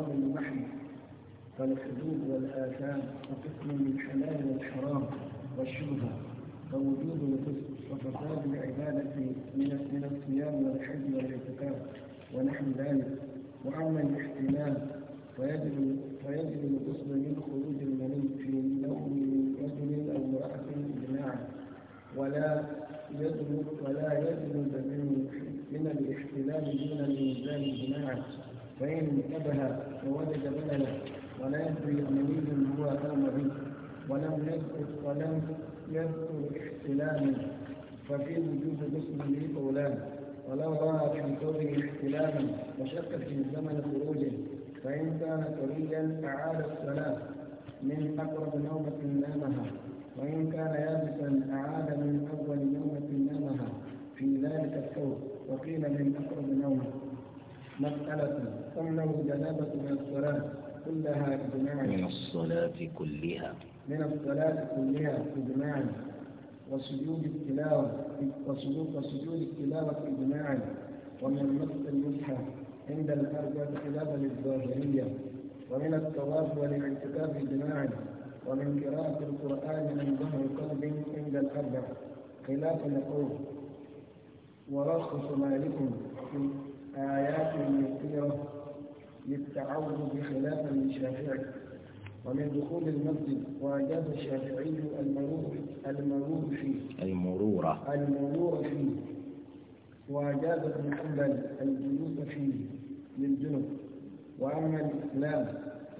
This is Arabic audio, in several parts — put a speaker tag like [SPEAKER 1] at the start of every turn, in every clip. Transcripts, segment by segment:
[SPEAKER 1] الحرام المحن والحدود والآثام وقسم من حلال والحرام والشبهة ووجود الفسق وفساد العبادة من الصيام والحج والاعتكاف ونحو ذلك وأما الاحتمال فيجب فيجب الغسل من خروج المني في نوم رجل أو امرأة إجماعا ولا يجب ولا يجب من الاحتلال دون الميزان جماعه فإن انتبه ووجد بللا ولا يدري أمني هو قام به ولم يذكر ولم يذكر احتلاما ففي وجود لي قولان ولو رأى في كونه احتلاما وشك في زمن خروجه فإن كان طريا أعاد الصلاة من أقرب نومة نامها وإن كان يابسا أعاد من أول نومة نامها في ذلك الثوب وقيل من أقرب نومه مسألة تمنع جنابة من الصلاة كلها إجماعا من
[SPEAKER 2] الصلاة كلها
[SPEAKER 1] من الصلاة كلها إجماعا وسجود التلاوة وسجود سجود التلاوة إجماعا ومن مسح المصحف عند الأربعة خلافا للظاهرية ومن الطواف والاعتكاف إجماعا ومن قراءة القرآن من ظهر قلب عند الأربعة خلاف القول ورخص مالك آيات يسيرة للتعوذ خلافا الشافعي ومن دخول المسجد وأجاز الشافعي المرور المرور فيه المرورة المرور فيه وأجاز ابن حنبل الجلوس فيه للجنب وأما الإسلام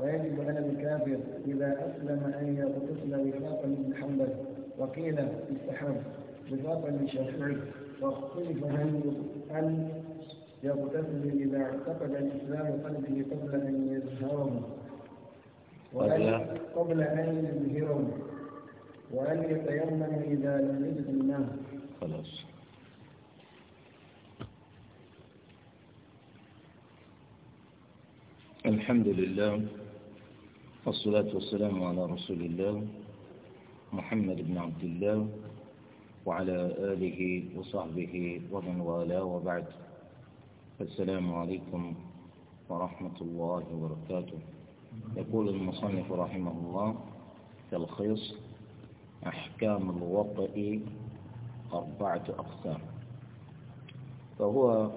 [SPEAKER 1] ويجب على الكافر إذا أسلم أن يغتسل وفاقا لابن حنبل وقيل استحب وفاقا للشافعي واختلف هل يغتسل إذا اعتقد الإسلام قلبه قبل أن يزهره قبل أن يزهره وأن يتيمم إذا لم يجد الماء
[SPEAKER 3] خلاص
[SPEAKER 2] الحمد لله والصلاة والسلام على رسول الله محمد بن عبد الله وعلى آله وصحبه ومن والاه وبعد السلام عليكم ورحمة الله وبركاته يقول المصنف رحمه الله تلخيص أحكام الوطئ أربعة أقسام فهو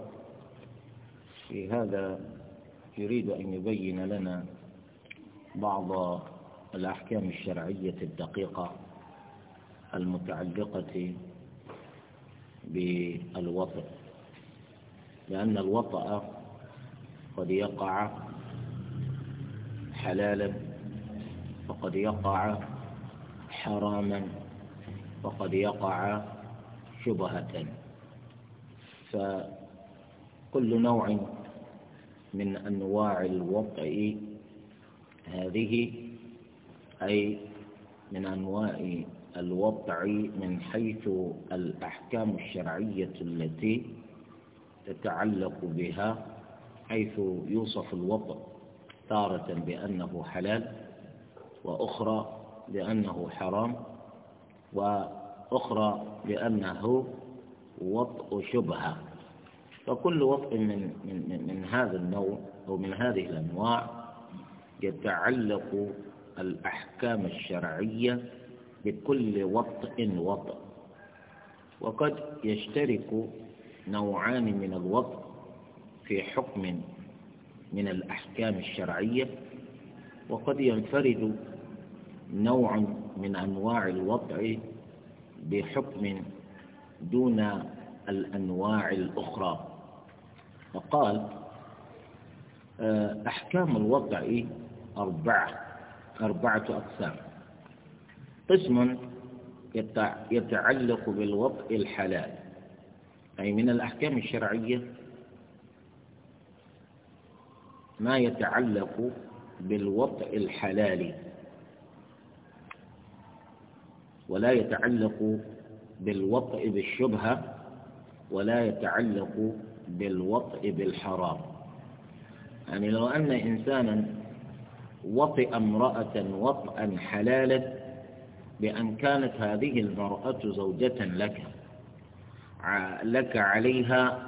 [SPEAKER 2] في هذا يريد أن يبين لنا بعض الأحكام الشرعية الدقيقة المتعلقة بالوطئ لأن الوطأ قد يقع حلالا وقد يقع حراما وقد يقع شبهة فكل نوع من أنواع الوطأ هذه أي من أنواع الوطأ من حيث الأحكام الشرعية التي تتعلق بها حيث يوصف الوضع تارة بأنه حلال وأخرى بأنه حرام وأخرى بأنه وطء شبهة فكل وطء من, من, من هذا النوع أو من هذه الأنواع يتعلق الأحكام الشرعية بكل وطء وطء وقد يشترك نوعان من الوضع في حكم من الأحكام الشرعية وقد ينفرد نوع من أنواع الوضع بحكم دون الأنواع الأخرى فقال آه، أحكام الوضع أربعة أربعة أقسام قسم يتعلق بالوضع الحلال أي من الأحكام الشرعية ما يتعلق بالوطء الحلال ولا يتعلق بالوطء بالشبهة ولا يتعلق بالوطء بالحرام يعني لو أن إنسانا وطئ امرأة وطئا حلالا بأن كانت هذه المرأة زوجة لك لك عليها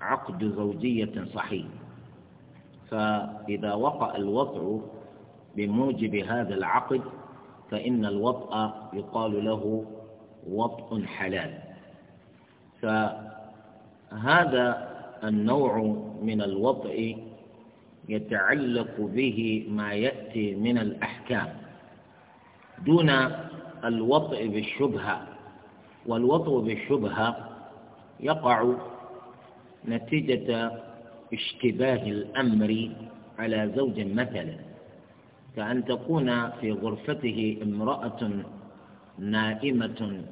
[SPEAKER 2] عقد زوجية صحيح فإذا وقع الوضع بموجب هذا العقد فإن الوضع يقال له وضع حلال فهذا النوع من الوضع يتعلق به ما يأتي من الأحكام دون الوطء بالشبهة والوطء بالشبهة يقع نتيجة اشتباه الأمر على زوج مثلا كأن تكون في غرفته امرأة نائمة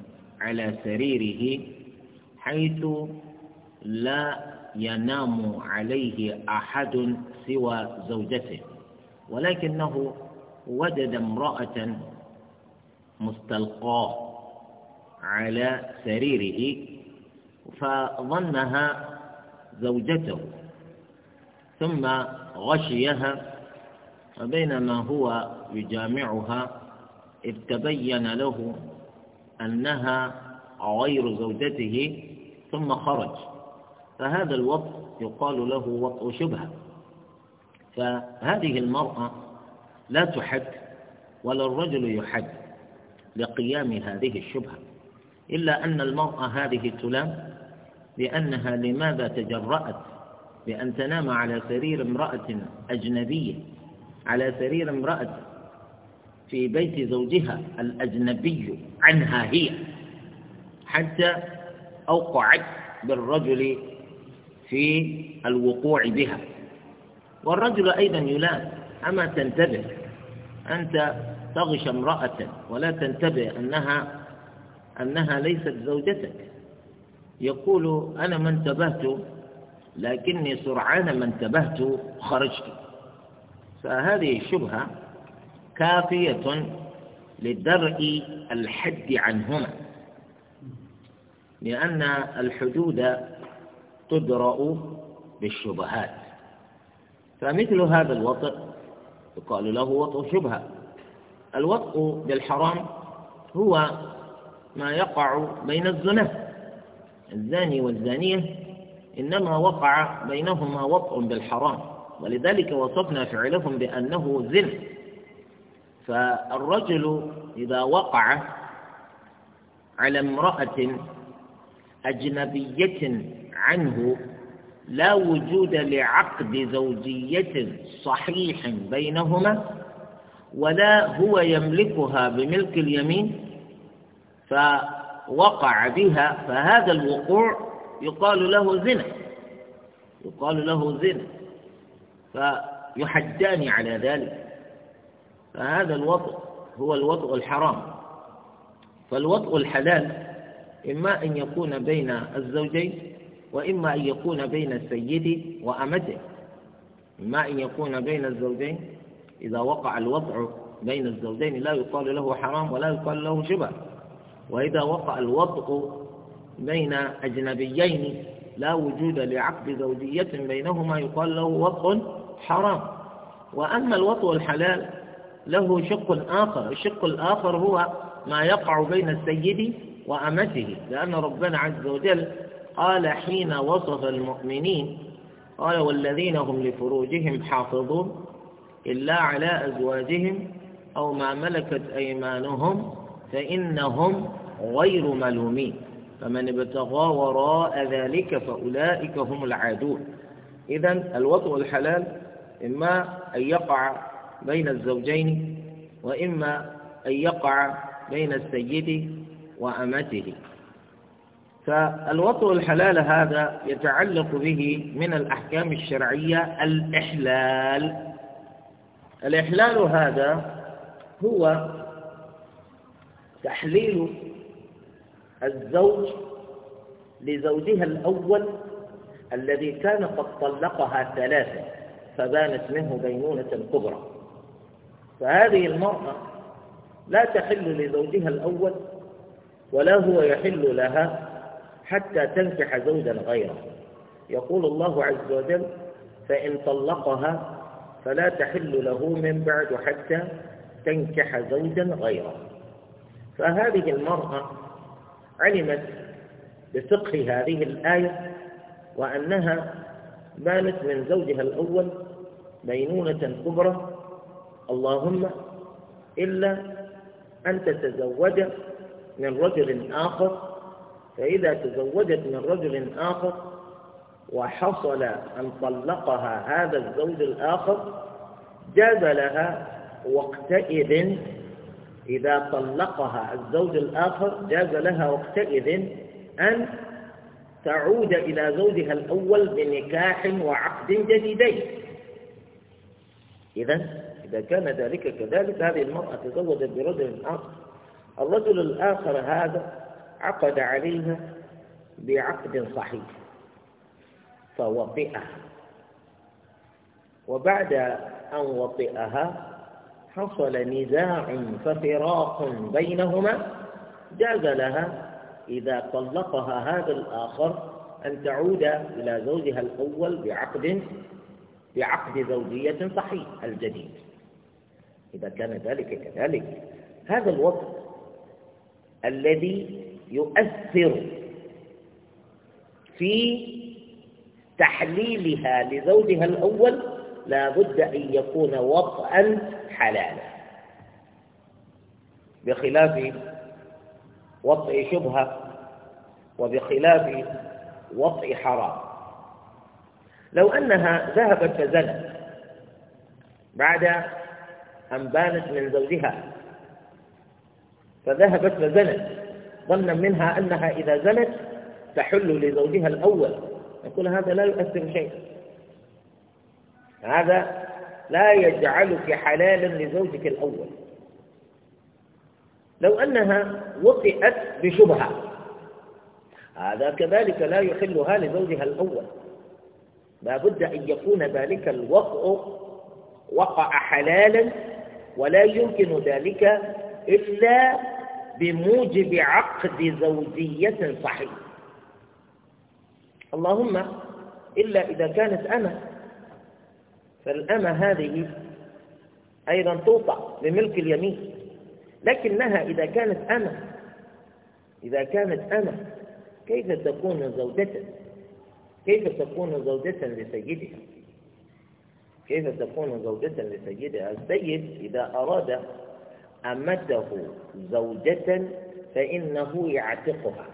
[SPEAKER 2] على سريره حيث لا ينام عليه أحد سوى زوجته ولكنه وجد امرأة مستلقاه على سريره فظنها زوجته ثم غشيها فبينما هو يجامعها إذ تبين له أنها غير زوجته ثم خرج فهذا الوقت يقال له وطء شبهة فهذه المرأة لا تحد ولا الرجل يحد لقيام هذه الشبهة إلا أن المرأة هذه تلام لأنها لماذا تجرأت بأن تنام على سرير امرأة أجنبية على سرير امرأة في بيت زوجها الأجنبي عنها هي حتى أوقعت بالرجل في الوقوع بها والرجل أيضا يلام أما تنتبه أنت تغش امرأة ولا تنتبه أنها أنها ليست زوجتك يقول أنا ما انتبهت لكني سرعان ما انتبهت خرجت فهذه الشبهة كافية لدرء الحد عنهما لأن الحدود تدرأ بالشبهات فمثل هذا الوطء يقال له وطء شبهة الوطء بالحرام هو ما يقع بين الزنات الزاني والزانية إنما وقع بينهما وقع بالحرام ولذلك وصفنا فعلهم بأنه زن فالرجل إذا وقع على امرأة أجنبية عنه لا وجود لعقد زوجية صحيح بينهما ولا هو يملكها بملك اليمين ف وقع بها فهذا الوقوع يقال له زنا يقال له زنا فيحجان على ذلك فهذا الوطء هو الوطء الحرام فالوطء الحلال إما أن يكون بين الزوجين وإما أن يكون بين السيد وأمته إما أن يكون بين الزوجين إذا وقع الوضع بين الزوجين لا يقال له حرام ولا يقال له شبه وإذا وقع الوضع بين أجنبيين لا وجود لعقد زوجية بينهما يقال له وضع حرام وأما الوضع الحلال له شق آخر الشق الآخر هو ما يقع بين السيد وأمته لأن ربنا عز وجل قال حين وصف المؤمنين قال والذين هم لفروجهم حافظون إلا على أزواجهم أو ما ملكت أيمانهم فإنهم غير ملومين فمن ابتغى وراء ذلك فأولئك هم العادون إذا الوطء الحلال إما أن يقع بين الزوجين وإما أن يقع بين السيد وأمته فالوطء الحلال هذا يتعلق به من الأحكام الشرعية الإحلال الإحلال هذا هو تحليل الزوج لزوجها الأول الذي كان قد طلقها ثلاثة فبانت منه بينونة كبرى فهذه المرأة لا تحل لزوجها الأول ولا هو يحل لها حتى تنكح زوجا غيره يقول الله عز وجل فإن طلقها فلا تحل له من بعد حتى تنكح زوجا غيره فهذه المرأة علمت بفقه هذه الآية وأنها بانت من زوجها الأول بينونة كبرى اللهم إلا أن تتزوج من رجل آخر فإذا تزوجت من رجل آخر وحصل أن طلقها هذا الزوج الآخر جاز لها وقتئذ إذا طلقها الزوج الآخر جاز لها وقتئذ أن تعود إلى زوجها الأول بنكاح وعقد جديدين إذا إذا كان ذلك كذلك هذه المرأة تزوجت برجل آخر الرجل الآخر هذا عقد عليها بعقد صحيح فوطئها وبعد أن وطئها حصل نزاع ففراق بينهما جاز لها إذا طلقها هذا الآخر أن تعود إلى زوجها الأول بعقد بعقد زوجية صحيح الجديد إذا كان ذلك كذلك هذا الوقت الذي يؤثر في تحليلها لزوجها الأول لا بد أن يكون وطئا حلالا بخلاف وضع شبهة وبخلاف وضع حرام لو أنها ذهبت فزنت بعد أن بانت من زوجها فذهبت فزنت ظنا منها أنها إذا زنت تحل لزوجها الأول يقول هذا لا يؤثر شيء هذا لا يجعلك حلالا لزوجك الأول لو أنها وطئت بشبهة هذا كذلك لا يحلها لزوجها الأول لابد أن يكون ذلك الوقع وقع حلالا ولا يمكن ذلك إلا بموجب عقد زوجية صحيح اللهم إلا إذا كانت أنا فالأمة هذه أيضا توطع لملك اليمين لكنها إذا كانت أمة إذا كانت أمة كيف تكون زوجة كيف تكون زوجة لسيدها كيف تكون زوجة لسيدها السيد إذا أراد أمته زوجة فإنه يعتقها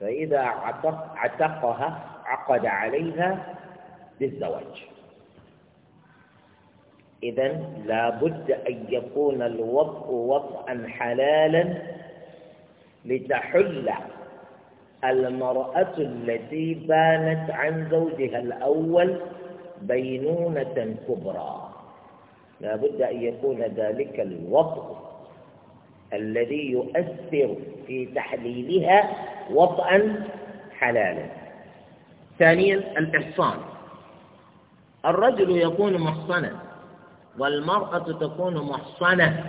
[SPEAKER 2] فإذا عتق عتقها عقد عليها بالزواج إذا لابد أن يكون الوضع وضعا حلالا لتحل المرأة التي بانت عن زوجها الأول بينونة كبرى لابد أن يكون ذلك الوضع الذي يؤثر في تحليلها وضعا حلالا ثانيا الإحصان الرجل يكون محصنا والمرأة تكون محصنة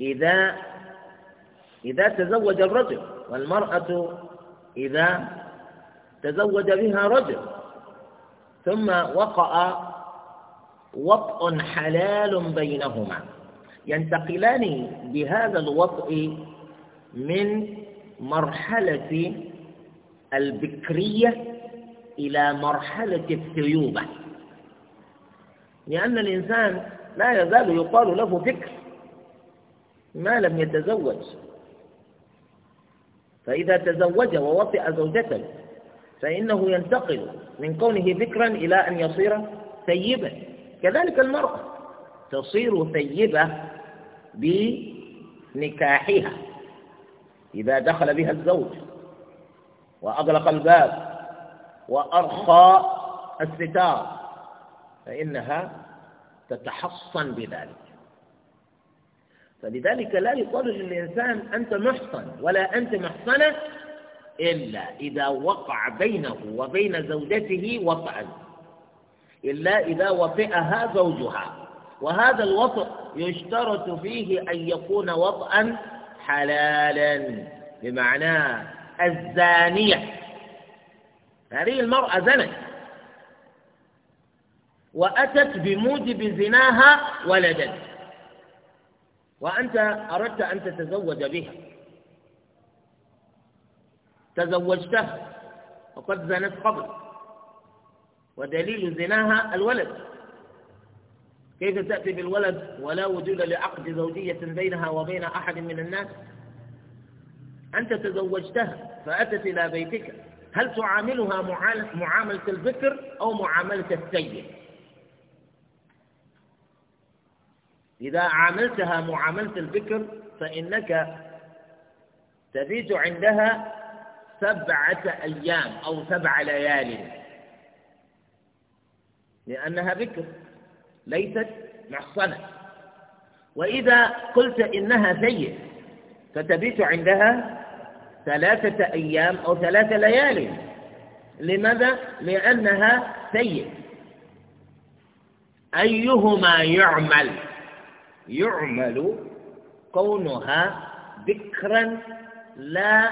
[SPEAKER 2] إذا إذا تزوج الرجل والمرأة إذا تزوج بها رجل ثم وقع وطء حلال بينهما ينتقلان بهذا الوطء من مرحلة البكرية إلى مرحلة الثيوبة لأن الإنسان لا يزال يقال له فكر ما لم يتزوج فإذا تزوج ووطئ زوجته فإنه ينتقل من كونه فكرا إلى أن يصير ثيبا كذلك المرأة تصير ثيبة بنكاحها إذا دخل بها الزوج وأغلق الباب وأرخى الستار فإنها تتحصن بذلك فلذلك لا يقال للإنسان أنت محصن ولا أنت محصنة إلا إذا وقع بينه وبين زوجته وطئا إلا إذا وطئها زوجها وهذا الوطئ يشترط فيه أن يكون وطئا حلالا بمعنى الزانية هذه المرأة زنت وأتت بموجب زناها ولدا وأنت أردت أن تتزوج بها تزوجته وقد زنت قبل ودليل زناها الولد كيف تأتي بالولد ولا وجود لعقد زوجية بينها وبين أحد من الناس أنت تزوجتها فأتت إلى بيتك هل تعاملها معاملة البكر أو معاملة السيد إذا عاملتها معاملة البكر فإنك تبيت عندها سبعة أيام أو سبع ليال لأنها بكر ليست محصنة وإذا قلت إنها سيء فتبيت عندها ثلاثة أيام أو ثلاثة ليالي لماذا؟ لأنها سيء أيهما يعمل يعمل كونها ذكرا لا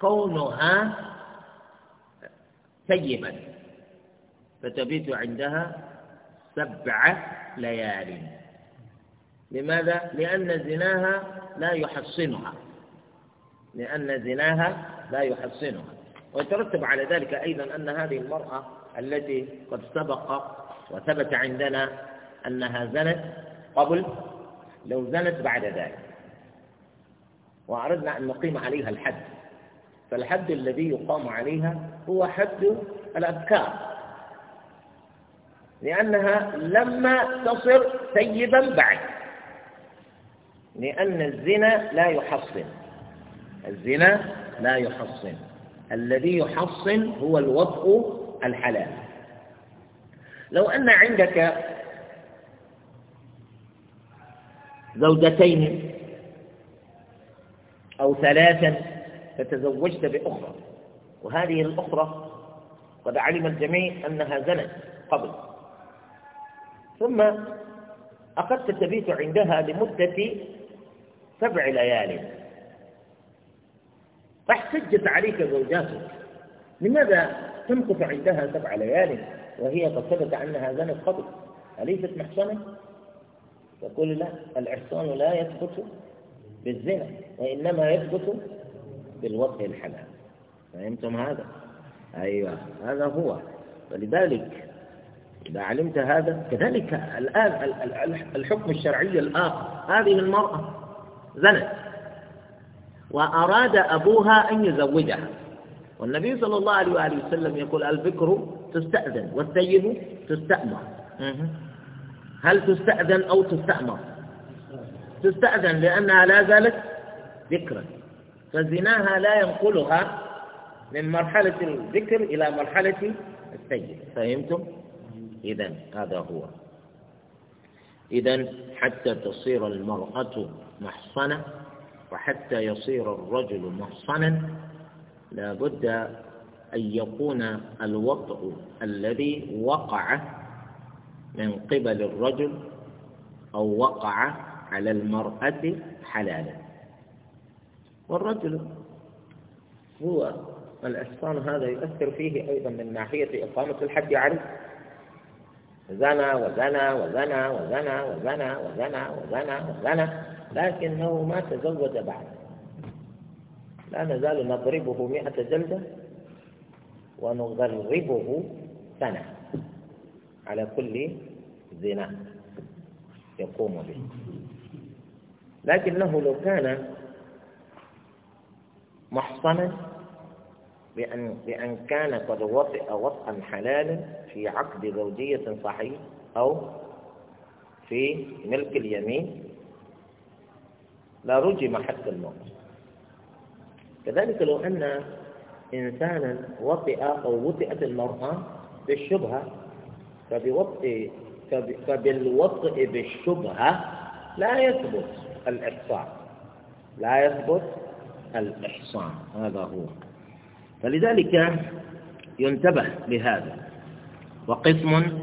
[SPEAKER 2] كونها سيبا فتبيت عندها سبع ليال لماذا؟ لأن زناها لا يحصنها لأن زناها لا يحصنها ويترتب على ذلك أيضا أن هذه المرأة التي قد سبق وثبت عندنا أنها زنت قبل لو زنت بعد ذلك وأردنا أن نقيم عليها الحد فالحد الذي يقام عليها هو حد الأذكار لأنها لما تصر سيبا بعد لأن الزنا لا يحصن الزنا لا يحصن الذي يحصن هو الوضع الحلال لو أن عندك زوجتين أو ثلاثا فتزوجت بأخرى وهذه الأخرى قد علم الجميع أنها زنت قبل ثم أخذت تبيت عندها لمدة سبع ليال فاحتجت عليك زوجاتك لماذا تمكث عندها سبع ليال وهي قد ثبت أنها زنت قبل أليست محسنة؟ يقول لا العصيان لا يثبت بالزنا وإنما يثبت بالوطء الحلال فهمتم هذا؟ أيوه هذا هو ولذلك إذا علمت هذا كذلك الآن الحكم الشرعي الآخر هذه المرأة زنت وأراد أبوها أن يزوجها والنبي صلى الله عليه وآله وسلم يقول البكر تستأذن والسيد تستأمر هل تستأذن أو تستأمر تستأذن لأنها لا زالت ذكرا فزناها لا ينقلها من مرحلة الذكر إلى مرحلة السيد فهمتم؟ إذا هذا هو إذا حتى تصير المرأة محصنة وحتى يصير الرجل محصنا لابد أن يكون الوضع الذي وقع من قبل الرجل أو وقع على المرأة حلالا والرجل هو الأسفان هذا يؤثر فيه أيضا من ناحية إقامة الحد عليه زنا وزنا وزنا وزنا وزنا وزنا وزنا وزنا لكنه ما تزوج بعد لا نزال نضربه مئة جلدة ونغربه سنة على كل زنا يقوم به لكنه لو كان محصنا بأن, بأن كان قد وطئ وطئا حلالا في عقد زوجية صحيح أو في ملك اليمين لرجم حتى الموت كذلك لو أن إنسانا وطئ أو وطئت المرأة بالشبهة فبوطئ فبالوطء بالشبهة لا يثبت الإحصان لا يثبت الإحصان هذا هو فلذلك ينتبه لهذا وقسم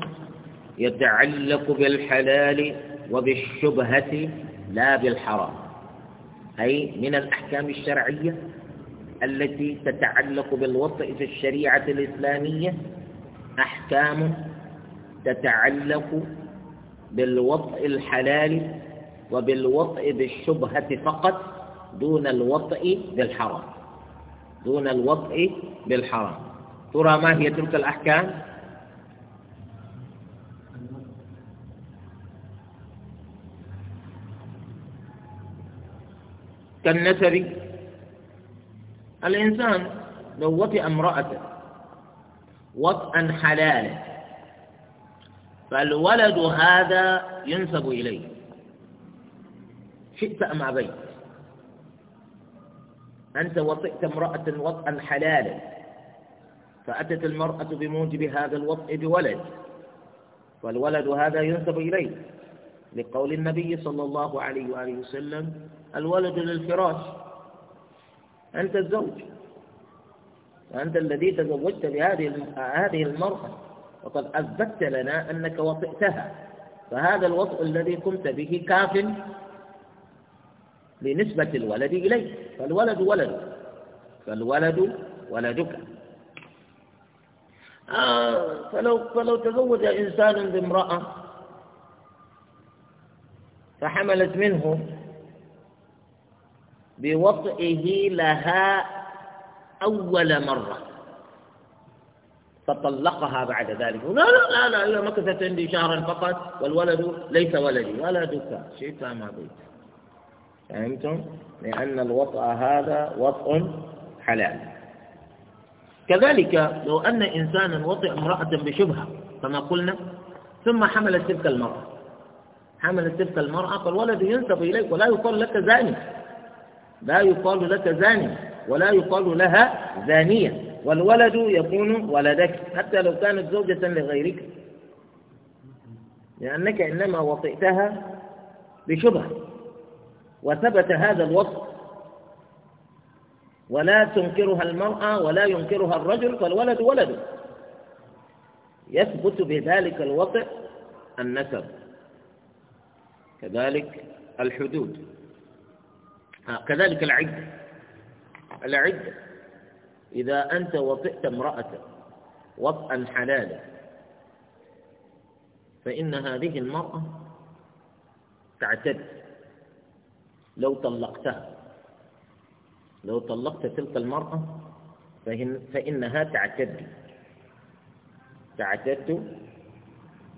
[SPEAKER 2] يتعلق بالحلال وبالشبهة لا بالحرام أي من الأحكام الشرعية التي تتعلق بالوطئ في الشريعة الإسلامية أحكام تتعلق بالوطء الحلال وبالوطء بالشبهة فقط دون الوطء بالحرام دون الوطء بالحرام ترى ما هي تلك الأحكام؟ كالنسب الإنسان لو وطئ امرأته وطئا حلالا فالولد هذا ينسب إليه شئت أم أبيت أنت وطئت امرأة وطئا حلالا فأتت المرأة بموجب هذا الوطء بولد فالولد هذا ينسب إليه لقول النبي صلى الله عليه وآله وسلم الولد للفراش أنت الزوج أنت الذي تزوجت بهذه هذه المرأة وقد أثبت لنا أنك وطئتها فهذا الوطء الذي قمت به كاف لنسبة الولد إليه فالولد ولدك فالولد ولدك آه فلو فلو تزوج إنسان بامرأة فحملت منه بوطئه لها أول مرة فطلقها بعد ذلك لا لا لا لا هي مكثت عندي شهرا فقط والولد ليس ولدي ولدك شئت ما بيت فهمتم؟ لأن الوطأ هذا وطء حلال كذلك لو أن إنسانا وطئ امرأة بشبهة كما قلنا ثم حملت تلك المرأة حملت تلك المرأة فالولد ينسب إليك ولا يقال لك زاني لا يقال لك زاني ولا يقال لها زانية والولد يكون ولدك حتى لو كانت زوجة لغيرك لأنك إنما وطئتها بشبهة وثبت هذا الوصف ولا تنكرها المرأة ولا ينكرها الرجل فالولد ولده يثبت بذلك الوطئ النسب كذلك الحدود آه، كذلك العدة العدة إذا أنت وطئت امرأتك وطئا حلالا فإن هذه المرأة تعتد لو طلقتها لو طلقت تلك المرأة فإنها تعتد تعتد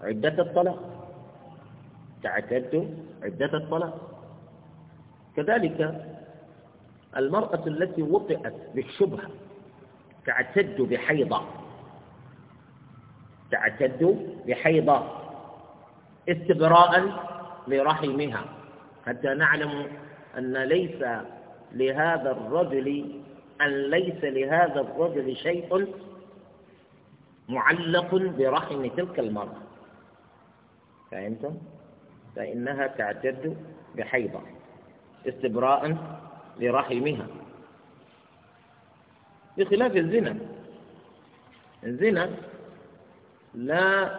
[SPEAKER 2] عدة الطلاق تعتد عدة الطلاق كذلك المرأة التي وطئت بالشبهة تعتد بحيضة تعتد بحيضة استبراء لرحمها حتى نعلم أن ليس لهذا الرجل أن ليس لهذا الرجل شيء معلق برحم تلك المرأة فأنتم فإنها تعتد بحيضة استبراء لرحمها بخلاف الزنا الزنا لا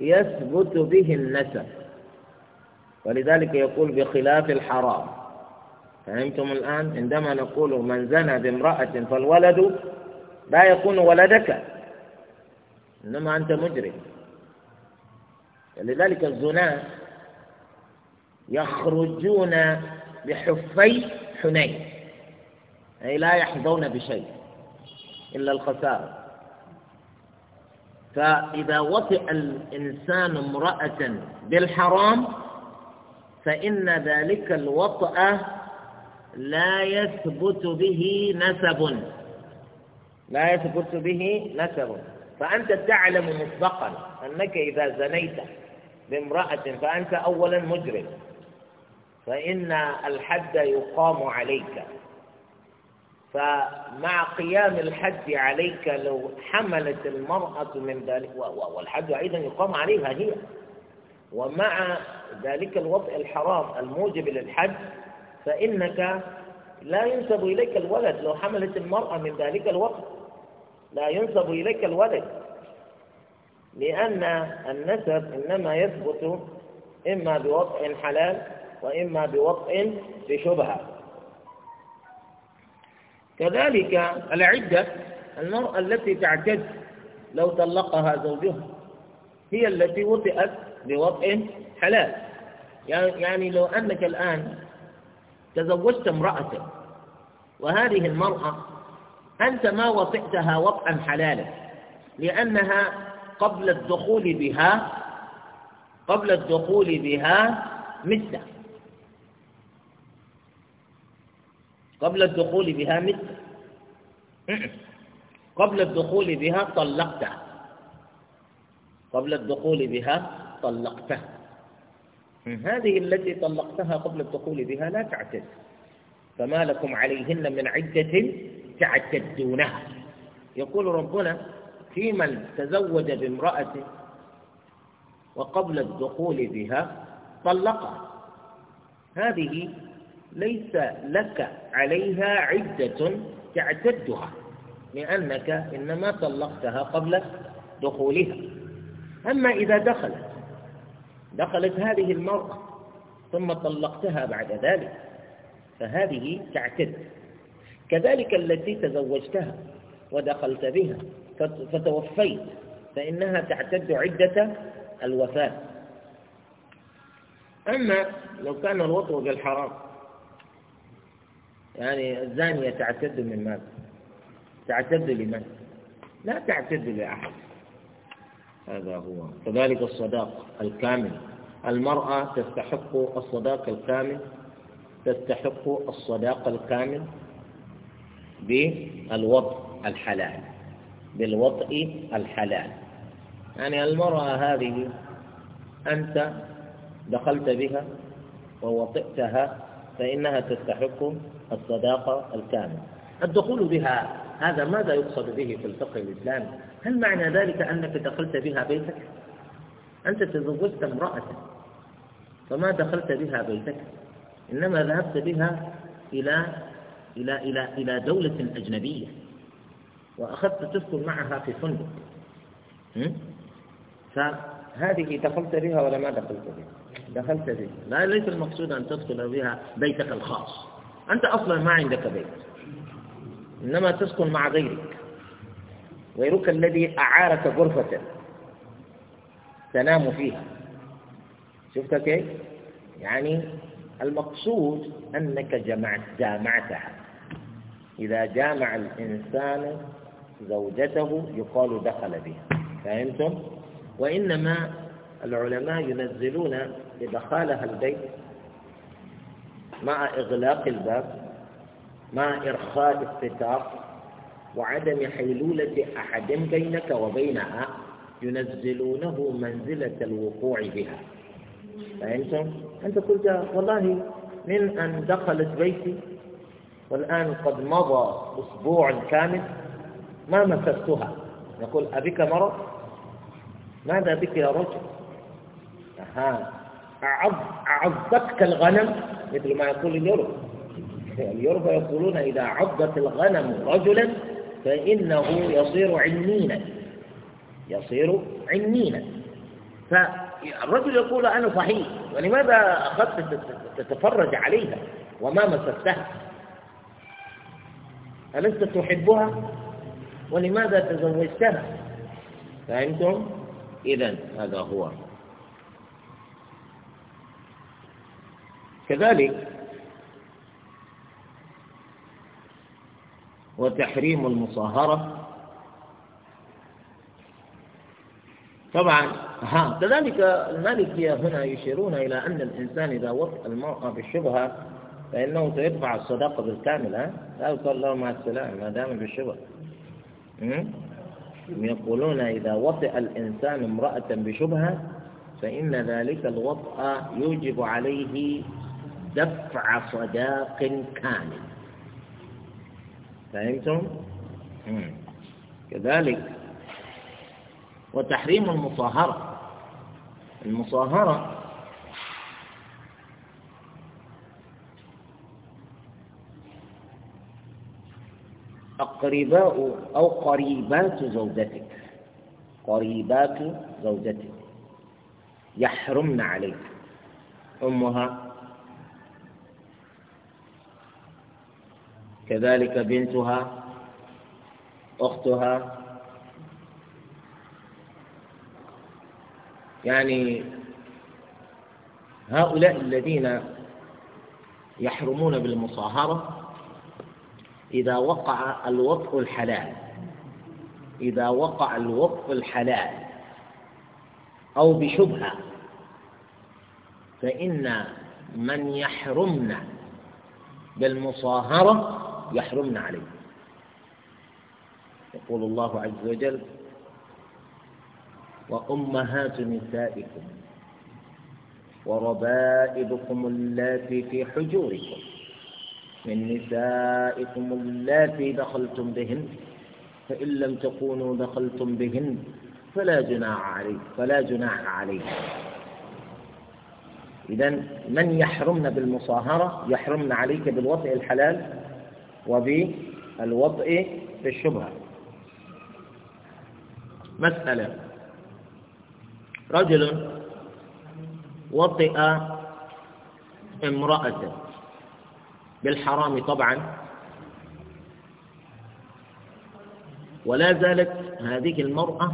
[SPEAKER 2] يثبت به النسب ولذلك يقول بخلاف الحرام فهمتم الآن عندما نقول من زنى بامرأة فالولد لا يكون ولدك إنما أنت مجرم لذلك الزناة يخرجون بحفي حنين أي لا يحظون بشيء إلا الخسارة فإذا وطئ الإنسان امرأة بالحرام فإن ذلك الوطأ لا يثبت به نسب لا يثبت به نسب فأنت تعلم مسبقا أنك إذا زنيت بامرأة فأنت أولا مجرم فإن الحد يقام عليك فمع قيام الحد عليك لو حملت المرأة من ذلك والحد أيضا يقام عليها هي ومع ذلك الوضع الحرام الموجب للحد فإنك لا ينسب إليك الولد لو حملت المرأة من ذلك الوقت لا ينسب إليك الولد لأن النسب إنما يثبت إما بوضع حلال وإما بوضع بشبهة كذلك العدة المرأة التي تعتد لو طلقها زوجها هي التي وطئت بوطء حلال يعني, يعني لو أنك الآن تزوجت امرأة وهذه المرأة أنت ما وطئتها وطئا حلالا لأنها قبل الدخول بها قبل الدخول بها مثلك قبل الدخول بها مثل قبل الدخول بها طلقته قبل الدخول بها طلقته هذه التي طلقتها قبل الدخول بها لا تعتد فما لكم عليهن من عدة تعتدونها يقول ربنا في من تزوج بامرأة وقبل الدخول بها طلقها هذه ليس لك عليها عدة تعتدها لأنك إنما طلقتها قبل دخولها أما إذا دخلت دخلت هذه المرأة ثم طلقتها بعد ذلك فهذه تعتد كذلك التي تزوجتها ودخلت بها فتوفيت فإنها تعتد عدة الوفاة أما لو كان الوطء بالحرام يعني الزانية تعتد من ماذا؟ تعتد لمن؟ لا تعتد لأحد هذا هو كذلك الصداق الكامل المرأة تستحق الصداق الكامل تستحق الصداق الكامل بالوضع الحلال بالوضع الحلال يعني المرأة هذه أنت دخلت بها ووطئتها فإنها تستحق الصداقة الكاملة الدخول بها هذا ماذا يقصد به في الفقه الإسلامي هل معنى ذلك أنك دخلت بها بيتك أنت تزوجت امرأة فما دخلت بها بيتك إنما ذهبت بها إلى إلى إلى إلى دولة أجنبية وأخذت تسكن معها في فندق فهذه دخلت بها ولا ما دخلت بها؟ دخلت بها لا ليس المقصود أن تدخل بها بيتك الخاص أنت أصلا ما عندك بيت إنما تسكن مع غيرك غيرك الذي أعارك غرفة تنام فيها شفت كيف؟ يعني المقصود أنك جمعت جامعتها إذا جامع الإنسان زوجته يقال دخل بها فهمتم؟ وإنما العلماء ينزلون إدخالها البيت مع إغلاق الباب مع إرخاء الستار وعدم حيلولة أحد بينك وبينها ينزلونه منزلة الوقوع بها فأنتم أنت قلت والله من أن دخلت بيتي والآن قد مضى أسبوع كامل ما مسستها نقول أبك مرض ماذا بك يا رجل أها أعض أعضتك الغنم مثل ما يقول اليوروب اليوروب يقولون إذا عضت الغنم رجلا فإنه يصير عنينا يصير عنينا فالرجل يقول أنا صحيح ولماذا يعني أخذت تتفرج عليها وما مسستها ألست تحبها ولماذا تزوجتها فأنتم إذا هذا هو كذلك وتحريم المصاهرة طبعا ها كذلك المالكية هنا يشيرون إلى أن الإنسان إذا وطأ المرأة بالشبهة فإنه سيدفع الصداقة بالكامل لا يقول له مع السلامة ما دام بالشبهة يقولون إذا وطئ الإنسان امرأة بشبهة فإن ذلك الوطأ يوجب عليه دفع صداق كامل فهمتم؟ كذلك وتحريم المصاهرة المصاهرة أقرباء أو قريبات زوجتك قريبات زوجتك يحرمن عليك أمها كذلك بنتها أختها يعني هؤلاء الذين يحرمون بالمصاهرة إذا وقع الوقف الحلال إذا وقع الوقف الحلال أو بشبهة فإن من يحرمنا بالمصاهرة يحرمن عليه يقول الله عز وجل وأمهات نسائكم وربائبكم اللاتي في حجوركم من نسائكم اللاتي دخلتم بهن فإن لم تكونوا دخلتم بهن فلا جناح عليه فلا جناح عليه إذا من يحرمن بالمصاهرة يحرمن عليك بالوطئ الحلال وبالوضع في الشبهة مسألة رجل وطئ امرأة بالحرام طبعا ولا زالت هذه المرأة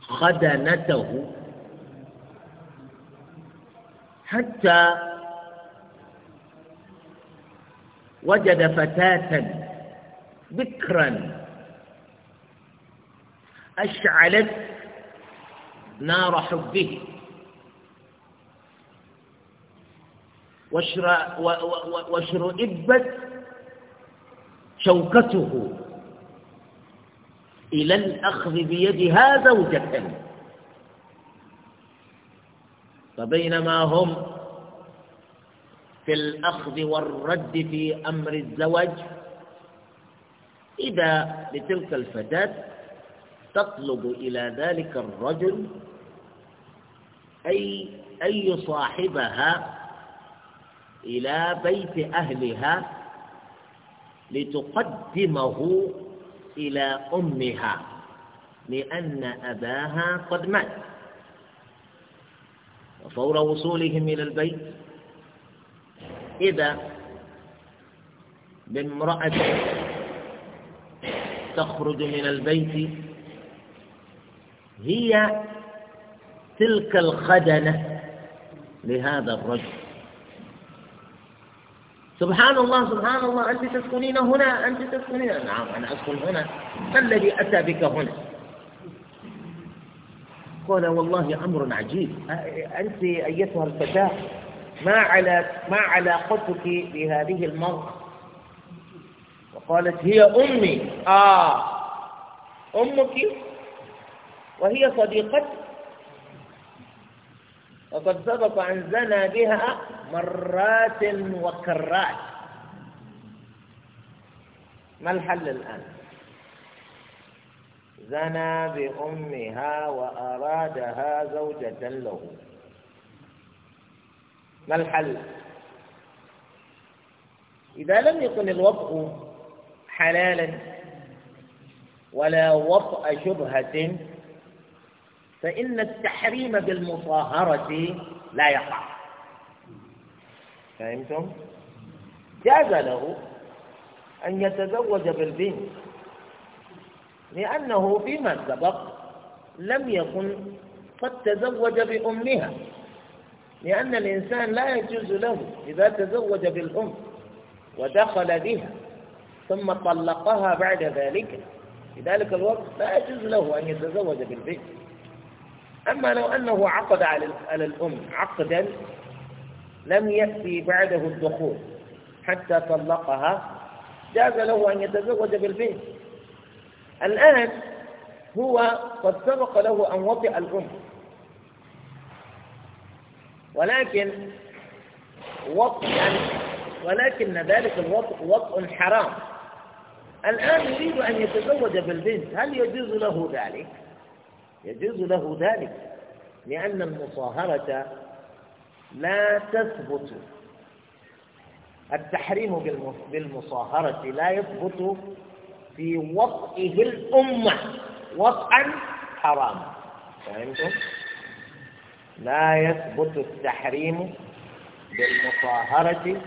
[SPEAKER 2] خدنته حتى وجد فتاة بكرا أشعلت نار حبه واشرئبت شوكته إلى الأخذ بيدها زوجة فبينما هم في الأخذ والرد في أمر الزواج إذا لتلك الفتاة تطلب إلى ذلك الرجل أي أن يصاحبها إلى بيت أهلها لتقدمه إلى أمها لأن أباها قد مات وفور وصولهم إلى البيت إذا بامرأة تخرج من البيت هي تلك الخدنة لهذا الرجل سبحان الله سبحان الله أنت تسكنين هنا أنت تسكنين نعم أنا أسكن هنا ما الذي أتى بك هنا قال والله أمر عجيب أنت أيتها الفتاة ما على ما علاقتك بهذه المرأة وقالت هي أمي آه أمك وهي صديقتك وقد سبق أن زنى بها مرات وكرات ما الحل الآن زنى بأمها وأرادها زوجة له ما الحل إذا لم يكن الوضع حلالا ولا وضع شبهة فإن التحريم بالمصاهرة لا يقع فهمتم؟ جاز له أن يتزوج بالبنت لأنه فيما سبق لم يكن قد تزوج بأمها لأن الإنسان لا يجوز له إذا تزوج بالأم ودخل بها ثم طلقها بعد ذلك في ذلك الوقت لا يجوز له أن يتزوج بالبنت أما لو أنه عقد على الأم عقدا لم يأتي بعده الدخول حتى طلقها جاز له أن يتزوج بالبنت الآن هو قد سبق له أن وطئ الأم ولكن وطئا يعني ولكن ذلك الوطء وطء حرام الآن يريد أن يتزوج بالبنت هل يجوز له ذلك؟ يجوز له ذلك لأن المصاهرة لا تثبت التحريم بالمصاهرة لا يثبت في وطئه الأمة وطئا حراما فهمتم؟ لا يثبت التحريم بالمطاهرة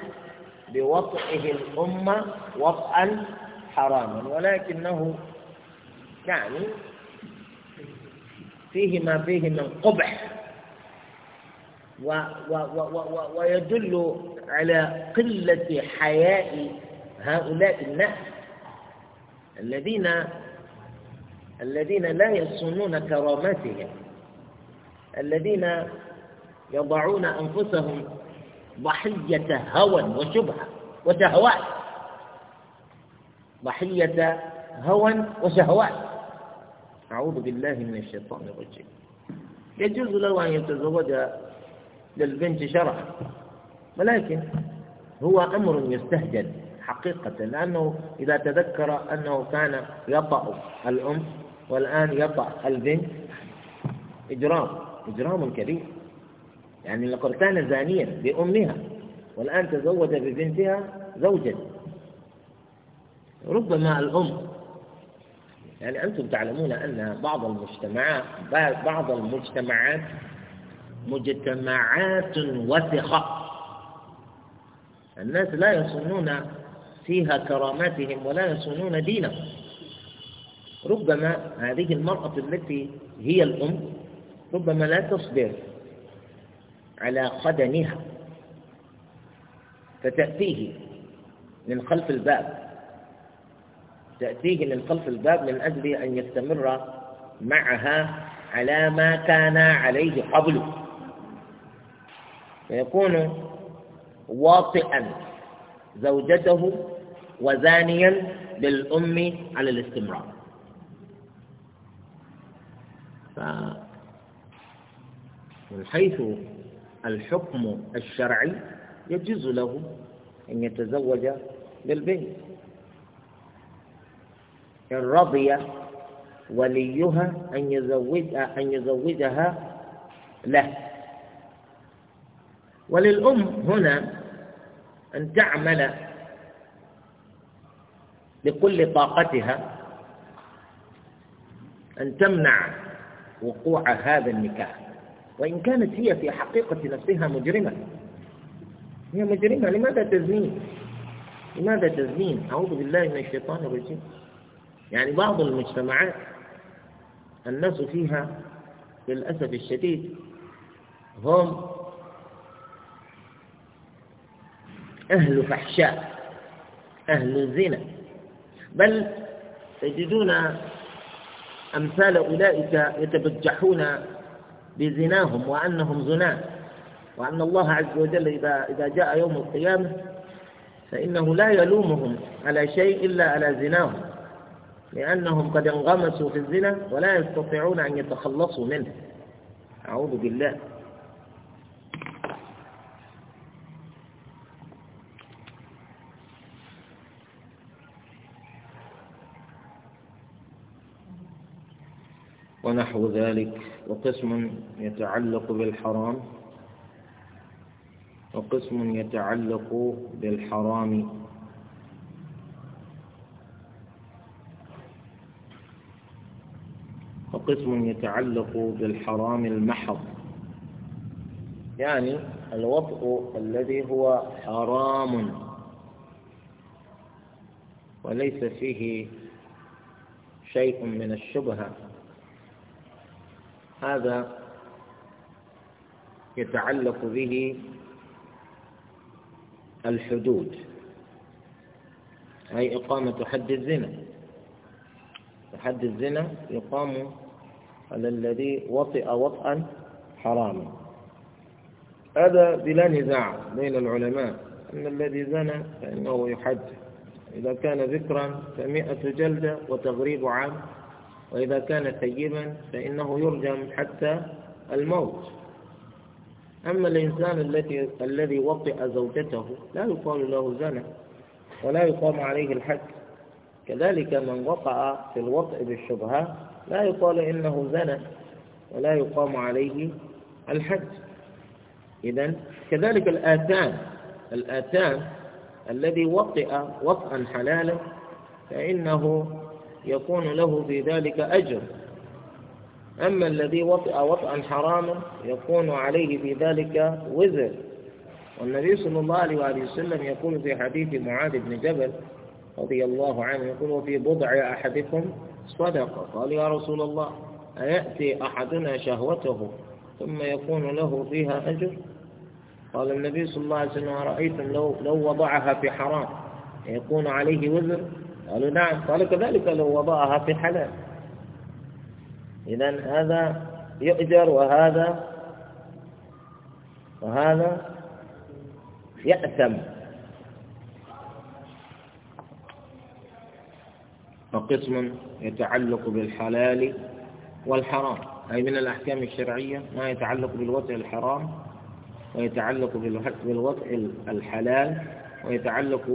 [SPEAKER 2] بوطئه الأمة وطئا حراما ولكنه يعني فيه ما فيه من قبح و و و و و ويدل على قلة حياء هؤلاء الناس الذين الذين لا يصونون كرامتهم الذين يضعون أنفسهم ضحية هوى وشبهة وشهوات ضحية هوى وشهوات أعوذ بالله من الشيطان الرجيم يجوز له أن يتزوج للبنت شرعا ولكن هو أمر يستهجن حقيقة لأنه إذا تذكر أنه كان يطأ الأم والآن يطأ البنت إجرام إجرام كبير يعني لقد كان زانيا بأمها والآن تزوج ببنتها زوجا ربما الأم يعني أنتم تعلمون أن بعض المجتمعات بعض المجتمعات مجتمعات وثقة الناس لا يصونون فيها كراماتهم ولا يصونون دينهم ربما هذه المرأة التي هي الأم ربما لا تصبر على قدمها فتأتيه من خلف الباب تأتيه من خلف الباب من أجل أن يستمر معها على ما كان عليه قبله فيكون واطئا زوجته وزانيا بالأم على الاستمرار من حيث الحكم الشرعي يجوز له أن يتزوج للبنت إن رضي وليها أن يزوجها أن يزوجها له وللأم هنا أن تعمل بكل طاقتها أن تمنع وقوع هذا النكاح وإن كانت هي في حقيقة نفسها مجرمة هي مجرمة لماذا تزنين لماذا تزنين أعوذ بالله من الشيطان الرجيم يعني بعض المجتمعات الناس فيها للأسف الشديد هم أهل فحشاء أهل زنا بل تجدون أمثال أولئك يتبجحون بزناهم وأنهم زناة وأن الله عز وجل إذا إذا جاء يوم القيامة فإنه لا يلومهم على شيء إلا على زناهم لأنهم قد انغمسوا في الزنا ولا يستطيعون أن يتخلصوا منه أعوذ بالله ونحو ذلك وقسم يتعلق بالحرام وقسم يتعلق بالحرام وقسم يتعلق بالحرام المحض يعني الوطء الذي هو حرام وليس فيه شيء من الشبهه هذا يتعلق به الحدود أي إقامة حد الزنا حد الزنا يقام على الذي وطئ وطئا حراما هذا بلا نزاع بين العلماء أن الذي زنى فإنه يحد إذا كان ذكرا فمئة جلدة وتغريب عام وإذا كان طيبا فإنه يرجم حتى الموت أما الإنسان الذي الذي وطئ زوجته لا يقال له زنا ولا يقام عليه الحد كذلك من وقع في الوطئ بالشبهة لا يقال إنه زنا ولا يقام عليه الحد إذا كذلك الآثام الآثام الذي وطئ وطئا حلالا فإنه يكون له في ذلك أجر أما الذي وطئ وطئا حراما يكون عليه في ذلك وزر والنبي صلى الله عليه وسلم يقول في حديث معاذ بن جبل رضي الله عنه يقول في بضع أحدكم صدقة قال يا رسول الله أيأتي أحدنا شهوته ثم يكون له فيها أجر قال النبي صلى الله عليه وسلم أرأيتم لو, لو وضعها في حرام يكون عليه وزر قالوا نعم قالوا كذلك لو وضعها في حلال إذا هذا يؤجر وهذا وهذا يأثم وقسم يتعلق بالحلال والحرام أي من الأحكام الشرعية ما يتعلق بالوضع الحرام ويتعلق بالوضع الحلال ويتعلق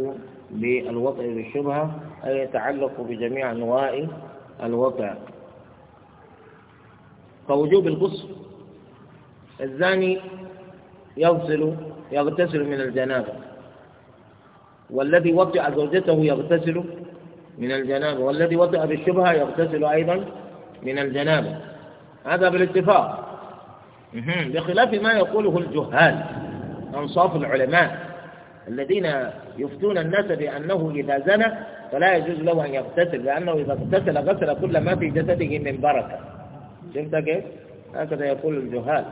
[SPEAKER 2] بالوضع بالشبهة أي يتعلق بجميع أنواع الوضع فوجوب الغسل الزاني يغسل يغتسل من الجنابة والذي وطئ زوجته يغتسل من الجنابة والذي وطئ بالشبهة يغتسل أيضا من الجنابة هذا بالاتفاق بخلاف ما يقوله الجهال أنصاف العلماء الذين يفتون الناس بأنه إذا زنى فلا يجوز له أن يغتسل لأنه إذا اغتسل غسل كل ما في جسده من بركة شفت كيف؟ هكذا يقول الجهال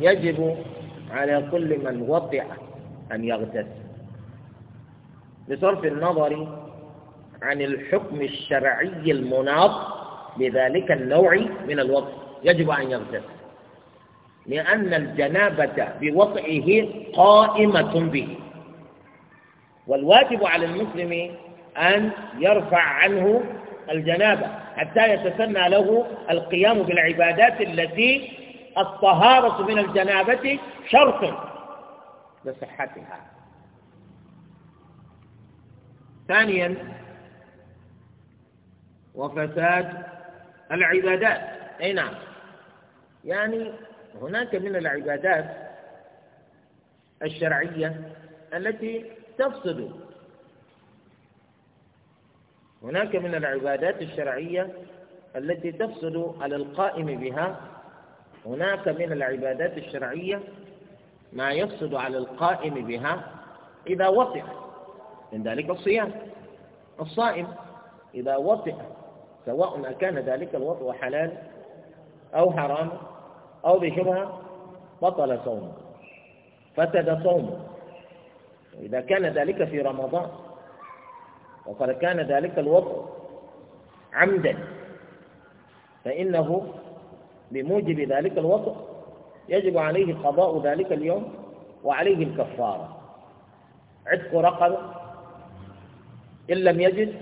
[SPEAKER 2] يجب على كل من وطع أن يغتسل بصرف النظر عن الحكم الشرعي المناط لذلك النوع من الوقت يجب أن يغتسل لأن الجنابة بوضعه قائمة به والواجب على المسلم أن يرفع عنه الجنابة حتى يتسنى له القيام بالعبادات التي الطهارة من الجنابة شرط لصحتها ثانيا وفساد العبادات أي نعم يعني هناك من العبادات الشرعية التي تفسد هناك من العبادات الشرعية التي تفسد على القائم بها هناك من العبادات الشرعية ما يفسد على القائم بها إذا وطئ من ذلك الصيام الصائم إذا وطئ سواء أكان ذلك الوطء حلال أو حرام أو بشبهة بطل صومه فسد صومه إذا كان ذلك في رمضان وقد كان ذلك الوضع عمدا فإنه بموجب ذلك الوضع يجب عليه قضاء ذلك اليوم وعليه الكفارة عتق رقبة إن لم يجد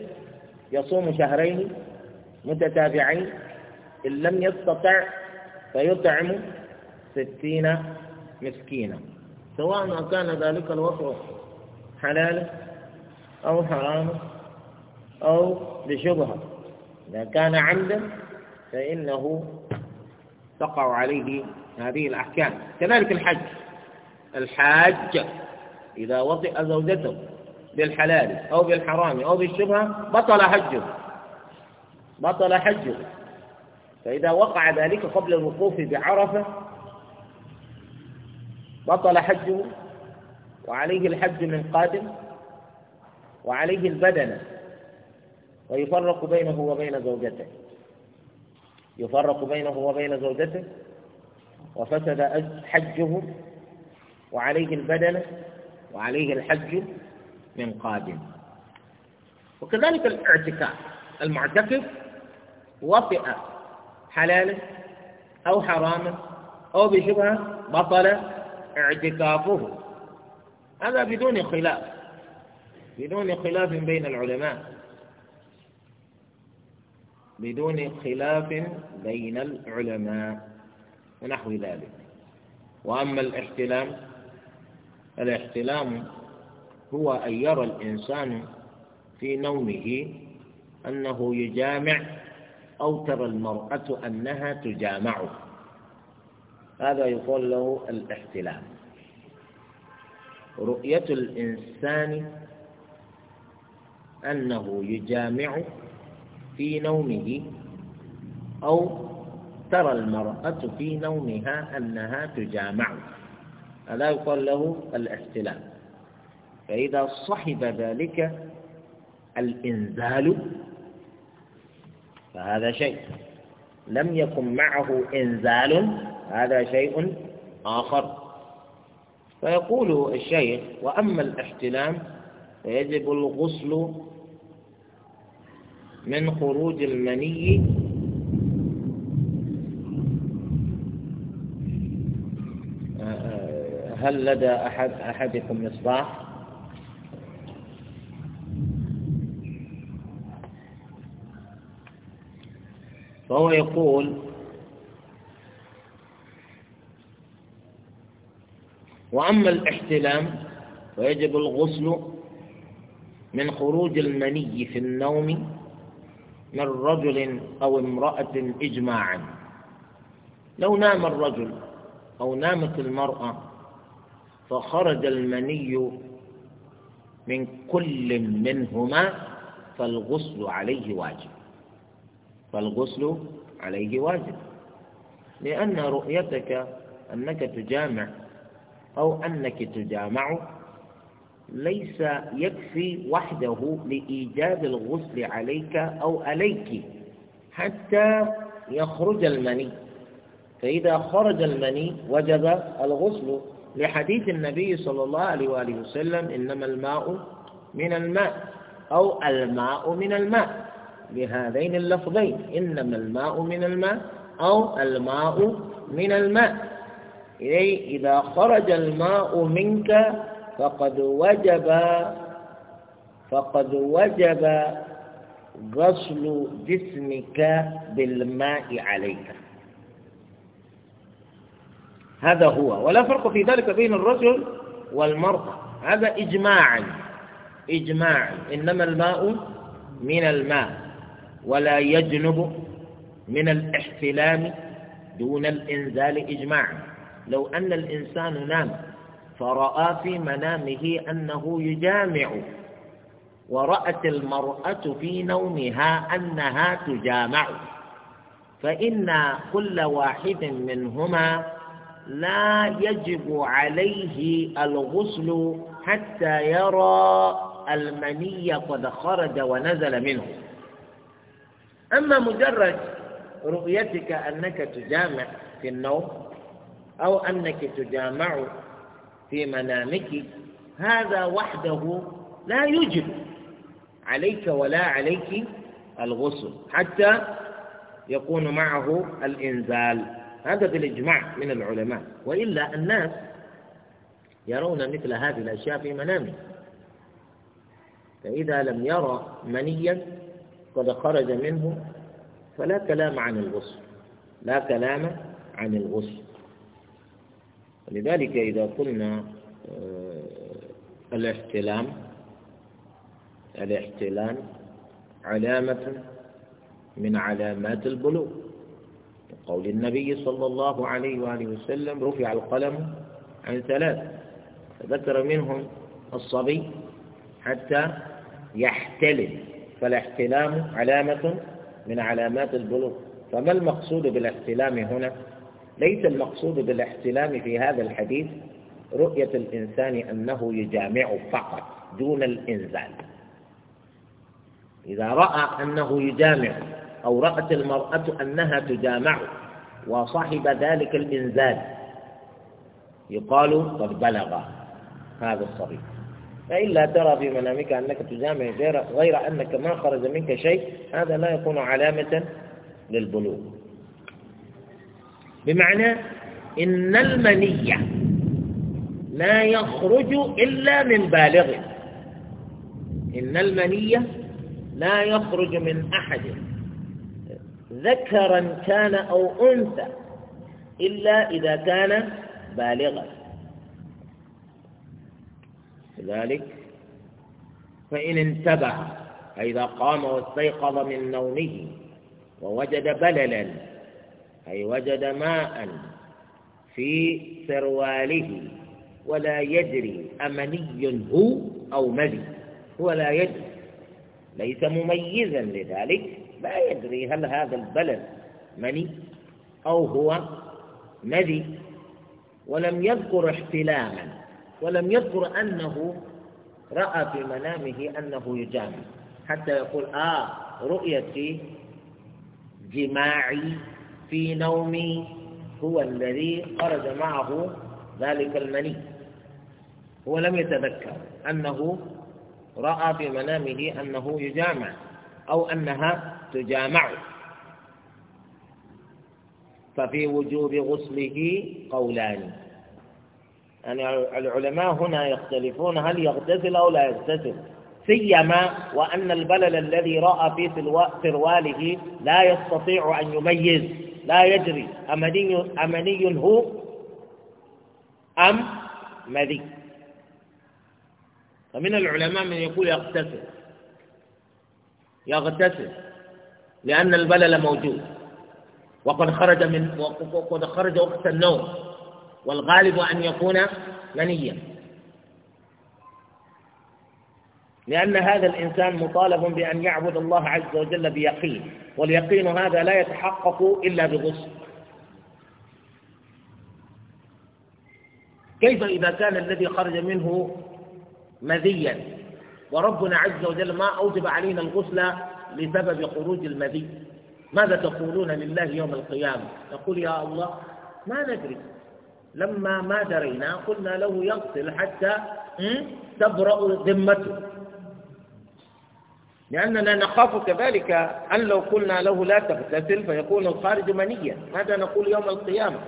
[SPEAKER 2] يصوم شهرين متتابعين إن لم يستطع فيطعم ستين مسكينا سواء كان ذلك الوصف حلالا أو حراما أو بشبهة إذا كان عمدا فإنه تقع عليه هذه الأحكام كذلك الحج الحاج إذا وطئ زوجته بالحلال أو بالحرام أو بالشبهة بطل حجه بطل حجه فإذا وقع ذلك قبل الوقوف بعرفة بطل حجه وعليه الحج من قادم وعليه البدنة ويفرق بينه وبين زوجته يفرق بينه وبين زوجته وفسد حجه وعليه البدنة وعليه الحج من قادم وكذلك الاعتكاف المعتكف وطئ حلاله أو حرامه أو بشبهة بطل اعتكافه هذا بدون خلاف بدون خلاف بين العلماء بدون خلاف بين العلماء ونحو ذلك وأما الاحتلام الاحتلام هو أن يرى الإنسان في نومه أنه يجامع أو ترى المرأة أنها تجامع هذا يقول له الاحتلال رؤية الإنسان أنه يجامع في نومه أو ترى المرأة في نومها أنها تجامع هذا يقال له الاحتلال فإذا صحب ذلك الإنزال فهذا شيء لم يكن معه إنزال هذا شيء آخر فيقول الشيخ وأما الاحتلام فيجب الغسل من خروج المني آه، آه، هل لدى أحد أحدكم مصباح فهو يقول وأما الاحتلام فيجب الغسل من خروج المني في النوم من رجل أو امرأة إجماعا لو نام الرجل أو نامت المرأة فخرج المني من كل منهما فالغسل عليه واجب فالغسل عليه واجب لأن رؤيتك أنك تجامع أو أنك تجامع ليس يكفي وحده لإيجاد الغسل عليك أو عليك حتى يخرج المني فإذا خرج المني وجب الغسل لحديث النبي صلى الله عليه وآله وسلم إنما الماء من الماء أو الماء من الماء بهذين اللفظين إنما الماء من الماء أو الماء من الماء إذا خرج الماء منك فقد وجب فقد وجب غسل جسمك بالماء عليك هذا هو ولا فرق في ذلك بين الرجل والمرأة هذا إجماعا إجماعا إنما الماء من الماء ولا يجنب من الاحتلام دون الإنزال إجماعا لو أن الإنسان نام فرأى في منامه أنه يجامع ورأت المرأة في نومها أنها تجامع فإن كل واحد منهما لا يجب عليه الغسل حتى يرى المني قد خرج ونزل منه أما مجرد رؤيتك أنك تجامع في النوم أو أنك تجامع في منامك هذا وحده لا يجب عليك ولا عليك الغسل حتى يكون معه الإنزال هذا بالإجماع من العلماء وإلا الناس يرون مثل هذه الأشياء في منامهم فإذا لم يرى منيا قد خرج منه فلا كلام عن الغسل لا كلام عن الغسل لذلك إذا قلنا آه، الاحتلام الاحتلام علامة من علامات البلوغ قول النبي صلى الله عليه وآله وسلم رفع القلم عن ثلاث فذكر منهم الصبي حتى يحتلم فالاحتلام علامة من علامات البلوغ فما المقصود بالاحتلام هنا ليس المقصود بالاحتلام في هذا الحديث رؤية الإنسان أنه يجامع فقط دون الإنزال إذا رأى أنه يجامع أو رأت المرأة أنها تجامع وصاحب ذلك الإنزال يقال قد بلغ هذا الصبي فإلا ترى في منامك أنك تجامع غير أنك ما خرج منك شيء هذا لا يكون علامة للبلوغ بمعنى إن المنية لا يخرج إلا من بالغ إن المنية لا يخرج من أحد ذكرا كان أو أنثى إلا إذا كان بالغا لذلك فإن انتبه فإذا قام واستيقظ من نومه ووجد بللا أي وجد ماء في سرواله ولا يدري أمني هو أو ملي هو لا يدري ليس مميزا لذلك لا يدري هل هذا البلد مني أو هو مذي ولم يذكر احتلاما ولم يذكر أنه رأى في منامه أنه يجامع حتى يقول آه رؤيتي جماعي في نومي هو الذي خرج معه ذلك المني هو لم يتذكر أنه رأى في منامه أنه يجامع أو أنها تجامع ففي وجوب غسله قولان يعني العلماء هنا يختلفون هل يغتسل أو لا يغتسل سيما وأن البلل الذي رأى في سرواله لا يستطيع أن يميز لا يجري أمني, أمني هو أم مذي فمن العلماء من يقول يغتسل يغتسل لأن البلل موجود وقد خرج من وقد خرج وقت النوم والغالب أن يكون منيا لأن هذا الإنسان مطالب بأن يعبد الله عز وجل بيقين واليقين هذا لا يتحقق إلا بغسل كيف إذا كان الذي خرج منه مذيا وربنا عز وجل ما أوجب علينا الغسل لسبب خروج المذي ماذا تقولون لله يوم القيامة تقول يا الله ما ندري لما ما درينا قلنا له يغسل حتى تبرأ ذمته لأننا نخاف كذلك أن لو قلنا له لا تغتسل فيكون الخارج منيا ماذا نقول يوم القيامة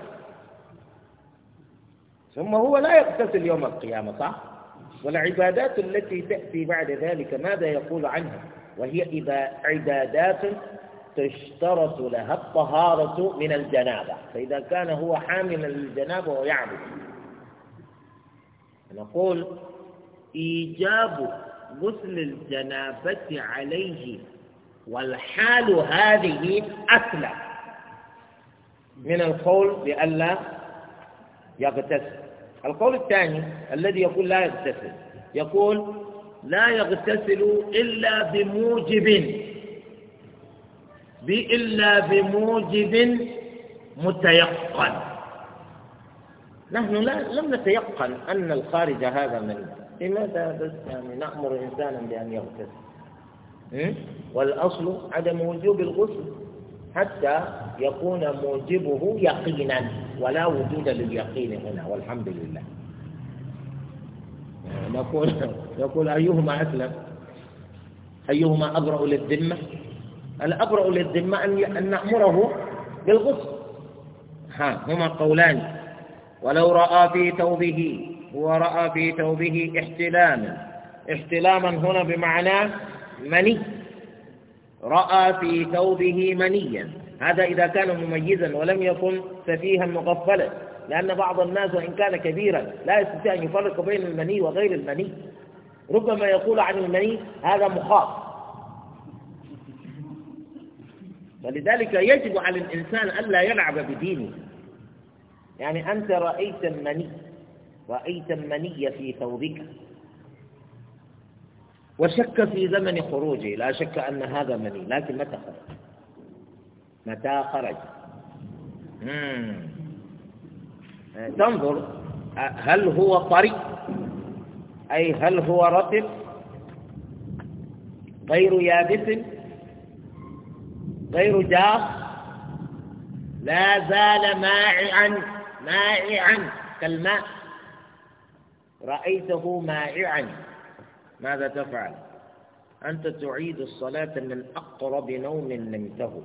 [SPEAKER 2] ثم هو لا يغتسل يوم القيامة صح؟ والعبادات التي تأتي بعد ذلك ماذا يقول عنها وهي عبادات تشترط لها الطهارة من الجنابة فإذا كان هو حاملا للجنابة ويعبد نقول إيجاب غسل الجنابة عليه والحال هذه أكلة من القول بألا يغتسل القول الثاني الذي يقول لا يغتسل يقول لا يغتسل إلا بموجب إلا بموجب متيقن نحن لا لم نتيقن أن الخارج هذا من لماذا بس يعني نأمر إنسانا بأن يغتسل والأصل عدم وجوب الغسل حتى يكون موجبه يقينا ولا وجود لليقين هنا والحمد لله نقول نقول أيهما أسلم أيهما أبرأ للذمة الأبرأ للذمة أن نأمره بالغسل ها هما قولان ولو رأى في توبه ورأى في توبه احتلاما احتلاما هنا بمعنى مني رأى في ثوبه منيا هذا إذا كان مميزا ولم يكن سفيها مغفلا لأن بعض الناس وإن كان كبيرا لا يستطيع أن يفرق بين المني وغير المني ربما يقول عن المني هذا مخاط فلذلك يجب على الإنسان ألا يلعب بدينه يعني أنت رأيت المني رأيت المني في ثوبك وشك في زمن خروجه لا شك أن هذا مني لكن متى خرج متى خرج تنظر هل هو طري أي هل هو رطب غير يابس غير جار لا زال مائعا مائعا كالماء رأيته مائعا ماذا تفعل أنت تعيد الصلاة من أقرب نوم نمته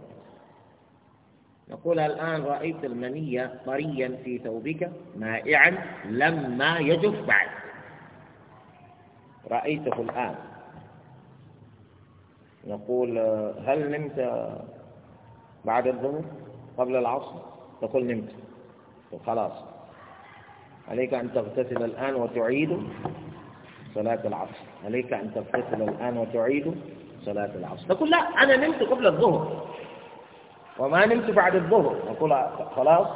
[SPEAKER 2] نقول الآن رأيت المنية طريا في ثوبك مائعا لما يجف بعد رأيته الآن نقول آه، هل نمت بعد الظهر قبل العصر تقول نمت وخلاص عليك أن تغتسل الآن وتعيد صلاة العصر عليك أن تغتسل الآن وتعيد صلاة العصر تقول لا أنا نمت قبل الظهر وما نمت بعد الظهر نقول خلاص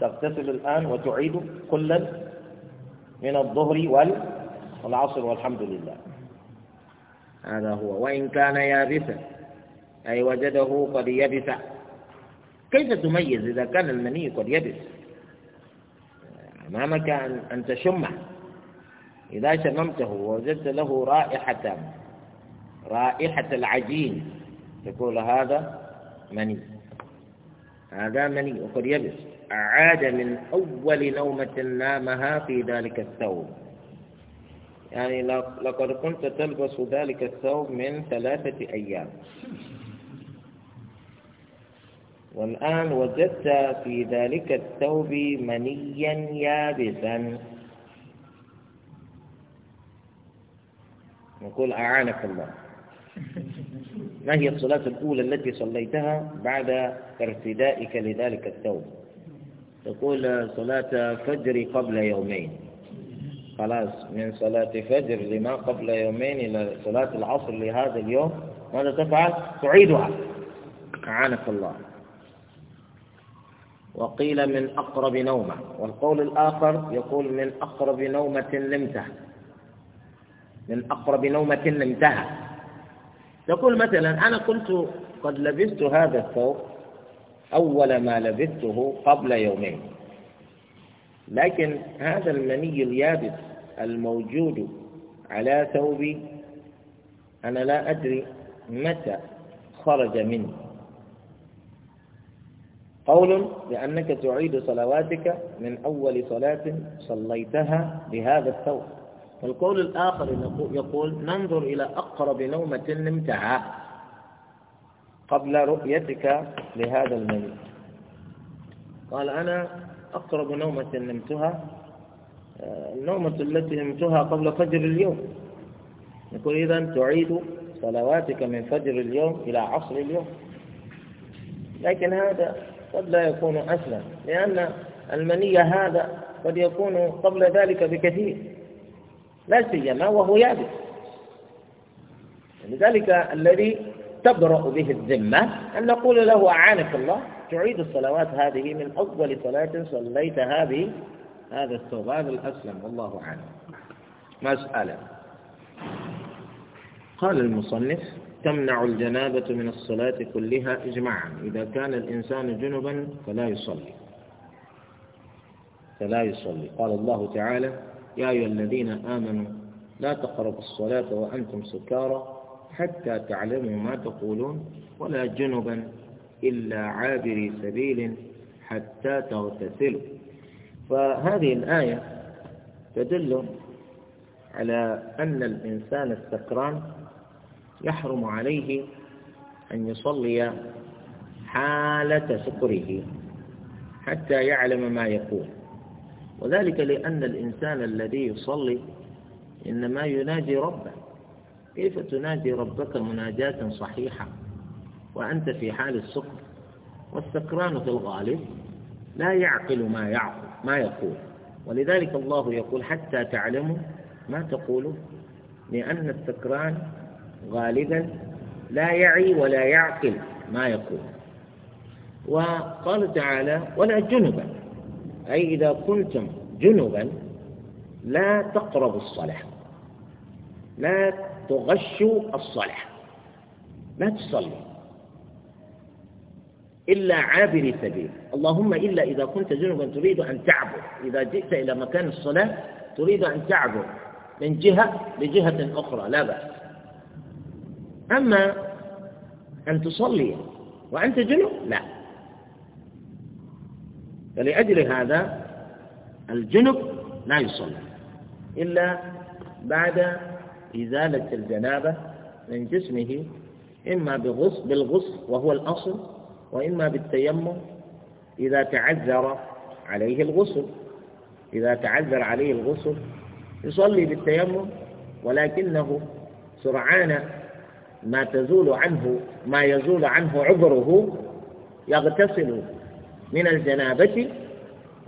[SPEAKER 2] تغتسل الآن وتعيد كلا من الظهر والعصر والحمد لله هذا هو وإن كان يابسا أي وجده قد يبس كيف تميز إذا كان المني قد يبس أمامك أن تشمه إذا شممته ووجدت له رائحة رائحة العجين تقول هذا مني هذا مني وقد يبس عاد من أول نومة نامها في ذلك الثوب يعني لقد كنت تلبس ذلك الثوب من ثلاثة أيام والآن وجدت في ذلك الثوب منيا يابسا نقول أعانك الله ما هي الصلاة الأولى التي صليتها بعد ارتدائك لذلك الثوب تقول صلاة فجر قبل يومين خلاص من صلاة فجر لما قبل يومين إلى صلاة العصر لهذا اليوم ماذا تفعل؟ تعيدها أعانك الله وقيل من أقرب نومة والقول الآخر يقول من أقرب نومة لمته من أقرب نومة نمتها يقول مثلا أنا كنت قد لبست هذا الثوب أول ما لبسته قبل يومين لكن هذا المني اليابس الموجود على ثوبي أنا لا أدري متى خرج مني قول لأنك تعيد صلواتك من أول صلاة صليتها بهذا الثوب والقول الآخر يقول ننظر إلى أقرب نومة نمتها قبل رؤيتك لهذا الميت قال أنا أقرب نومة نمتها آه، النومة التي نمتها قبل فجر اليوم يقول إذا تعيد صلواتك من فجر اليوم إلى عصر اليوم لكن هذا قد لا يكون أسلم لأن المني هذا قد يكون قبل ذلك بكثير لا سيما وهو يابس لذلك الذي تبرأ به الذمة أن نقول له أعانك الله تعيد الصلوات هذه من أول صلاة صليتها به هذا الثوبان الأسلم والله أعلم مسألة قال المصنف تمنع الجنابة من الصلاة كلها إجماعا إذا كان الإنسان جنبا فلا يصلي فلا يصلي قال الله تعالى يا أيها الذين آمنوا لا تقربوا الصلاة وأنتم سكارى حتى تعلموا ما تقولون ولا جنبا إلا عابري سبيل حتى تغتسلوا فهذه الآية تدل على أن الإنسان السكران يحرم عليه أن يصلي حالة سكره حتى يعلم ما يقول وذلك لأن الإنسان الذي يصلي إنما يناجي ربه كيف تناجي ربك مناجاة صحيحة وأنت في حال السكر والسكران في الغالب لا يعقل ما يعقل ما يقول ولذلك الله يقول حتى تعلموا ما تقولوا لأن السكران غالبا لا يعي ولا يعقل ما يقول وقال تعالى ولا جنبا أي إذا كنتم جنبا لا تقربوا الصلاة لا تغشوا الصلاة لا تصلي إلا عابر سبيل اللهم إلا إذا كنت جنبا تريد أن تعبر إذا جئت إلى مكان الصلاة تريد أن تعبر من جهة لجهة أخرى لا بأس أما أن تصلي وأنت جنب لا فلأجل هذا الجنب لا يصلي إلا بعد إزالة الجنابة من جسمه إما بالغسل بالغص وهو الأصل وإما بالتيمم إذا تعذر عليه الغسل إذا تعذر عليه الغسل يصلي بالتيمم ولكنه سرعان ما تزول عنه ما يزول عنه عذره يغتسل من الجنابة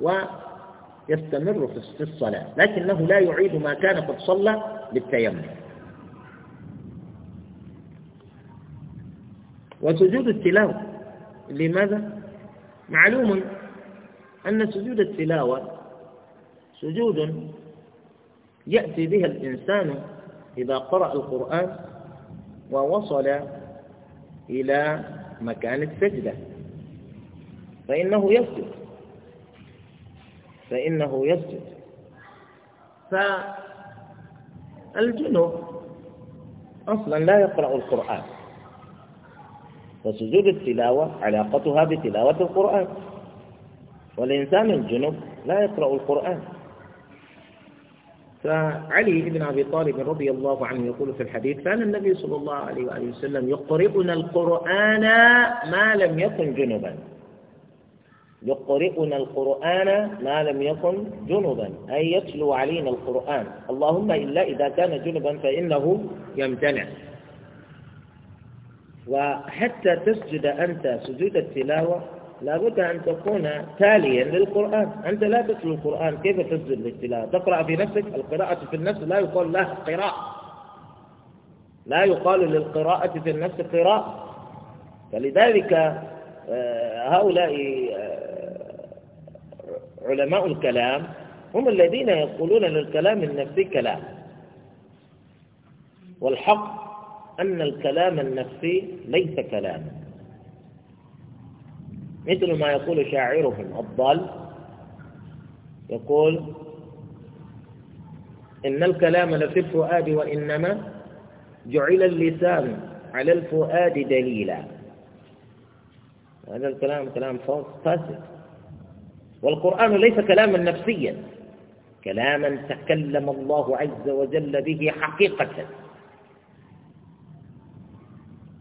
[SPEAKER 2] ويستمر في الصلاة لكنه لا يعيد ما كان قد صلى بالتيمم وسجود التلاوة لماذا؟ معلوم أن سجود التلاوة سجود يأتي به الإنسان إذا قرأ القرآن ووصل إلى مكان السجدة فإنه يسجد فإنه يسجد فالجنوب أصلا لا يقرأ القرآن فسجود التلاوة علاقتها بتلاوة القرآن والإنسان الجنوب لا يقرأ القرآن فعلي بن أبي طالب رضي الله عنه يقول في الحديث كان النبي صلى الله عليه وآله وسلم يقرئنا القرآن ما لم يكن جنبا يقرئنا القرآن ما لم يكن جنبا أي يتلو علينا القرآن اللهم إلا إذا كان جنبا فإنه يمتنع وحتى تسجد أنت سجود التلاوة لابد أن تكون تاليا للقرآن أنت لا تتلو القرآن كيف تسجد للتلاوة تقرأ في نفسك القراءة في النفس لا يقال لها قراءة لا يقال للقراءة في النفس قراءة فلذلك آه، هؤلاء آه، علماء الكلام هم الذين يقولون للكلام النفسي كلام والحق أن الكلام النفسي ليس كلاما مثل ما يقول شاعرهم الضال يقول إن الكلام لفي الفؤاد وإنما جعل اللسان على الفؤاد دليلا هذا الكلام كلام فاسد والقرآن ليس كلاما نفسيا كلاما تكلم الله عز وجل به حقيقة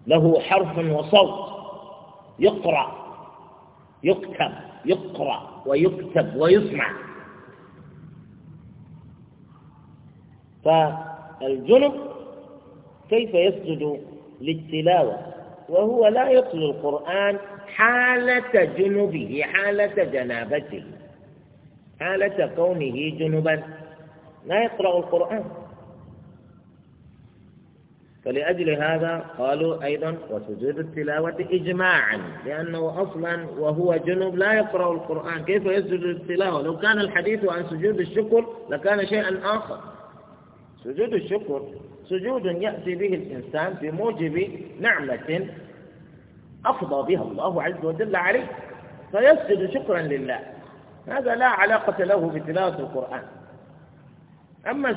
[SPEAKER 2] له حرف وصوت يقرأ يكتب يقرأ ويكتب ويسمع فالجنب كيف يسجد للتلاوة وهو لا يتلو القرآن حالة جنبه حالة جنابته حالة كونه جنبا لا يقرأ القرآن فلأجل هذا قالوا أيضا وسجود التلاوة إجماعا لأنه أصلا وهو جنوب لا يقرأ القرآن كيف يسجد التلاوة لو كان الحديث عن سجود الشكر لكان شيئا آخر سجود الشكر سجود يأتي به الإنسان بموجب نعمة أفضى بها الله عز وجل عليه فيسجد شكرا لله هذا لا علاقة له بتلاوة القرآن أما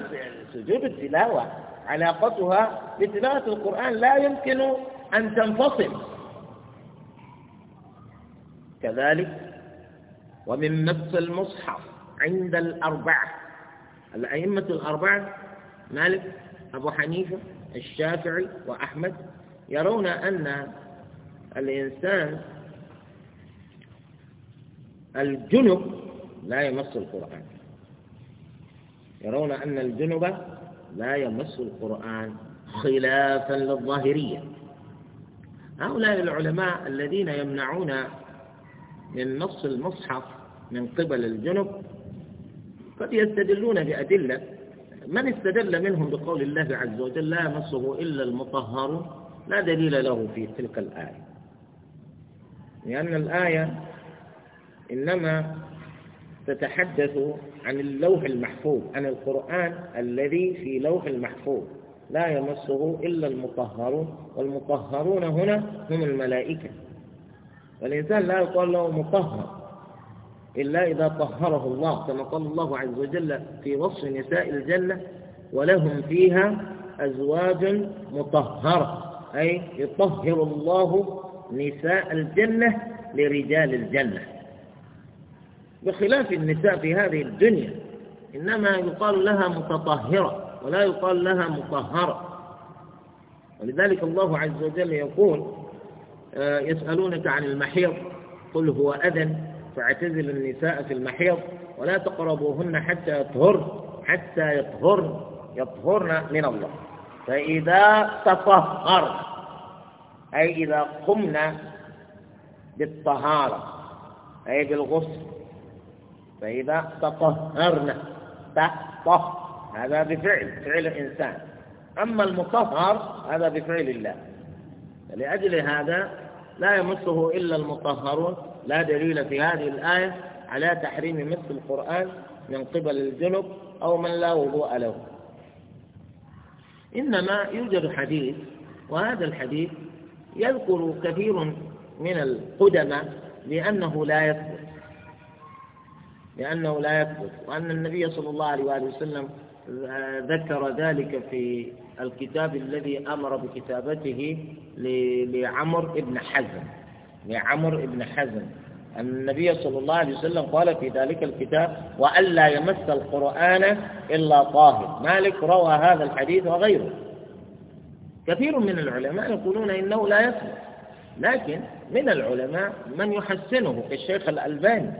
[SPEAKER 2] سجود التلاوة علاقتها بتلاوة القرآن لا يمكن أن تنفصل كذلك ومن نفس المصحف عند الأربعة الأئمة الأربعة مالك أبو حنيفة الشافعي وأحمد يرون أن الإنسان الجنب لا يمس القرآن يرون أن الجنب لا يمس القرآن خلافا للظاهرية هؤلاء العلماء الذين يمنعون من نص المصحف من قبل الجنب قد يستدلون بأدلة من استدل منهم بقول الله عز وجل لا يمسه إلا المطهر لا دليل له في تلك الآية لأن الآية إنما تتحدث عن اللوح المحفوظ عن القرآن الذي في لوح المحفوظ لا يمسه إلا المطهرون والمطهرون هنا هم الملائكة والإنسان لا يقال له مطهر إلا إذا طهره الله كما قال الله عز وجل في وصف نساء الجنة ولهم فيها أزواج مطهرة أي يطهر الله نساء الجنة لرجال الجنة بخلاف النساء في هذه الدنيا إنما يقال لها متطهرة ولا يقال لها مطهرة ولذلك الله عز وجل يقول آه، يسألونك عن المحيض قل هو أذن فاعتزل النساء في المحيض ولا تقربوهن حتى يطهرن حتى يطهرن يطهرن من الله فإذا تطهرن أي إذا قمنا بالطهارة أي بالغسل فإذا تطهرنا تطه هذا بفعل فعل الإنسان أما المطهر هذا بفعل الله لأجل هذا لا يمسه إلا المطهرون لا دليل في هذه الآية على تحريم مس القرآن من قبل الجنب أو من لا وضوء له إنما يوجد حديث وهذا الحديث يذكر كثير من القدماء لأنه لا يذكر لأنه لا يثبت وأن النبي صلى الله عليه وآله وسلم آه، ذكر ذلك في الكتاب الذي أمر بكتابته لعمر بن حزم لعمر بن حزم النبي صلى الله عليه وسلم قال في ذلك الكتاب وألا يمس القرآن إلا طاهر مالك روى هذا الحديث وغيره كثير من العلماء يقولون إنه لا يثبت لكن من العلماء من يحسنه كالشيخ الألباني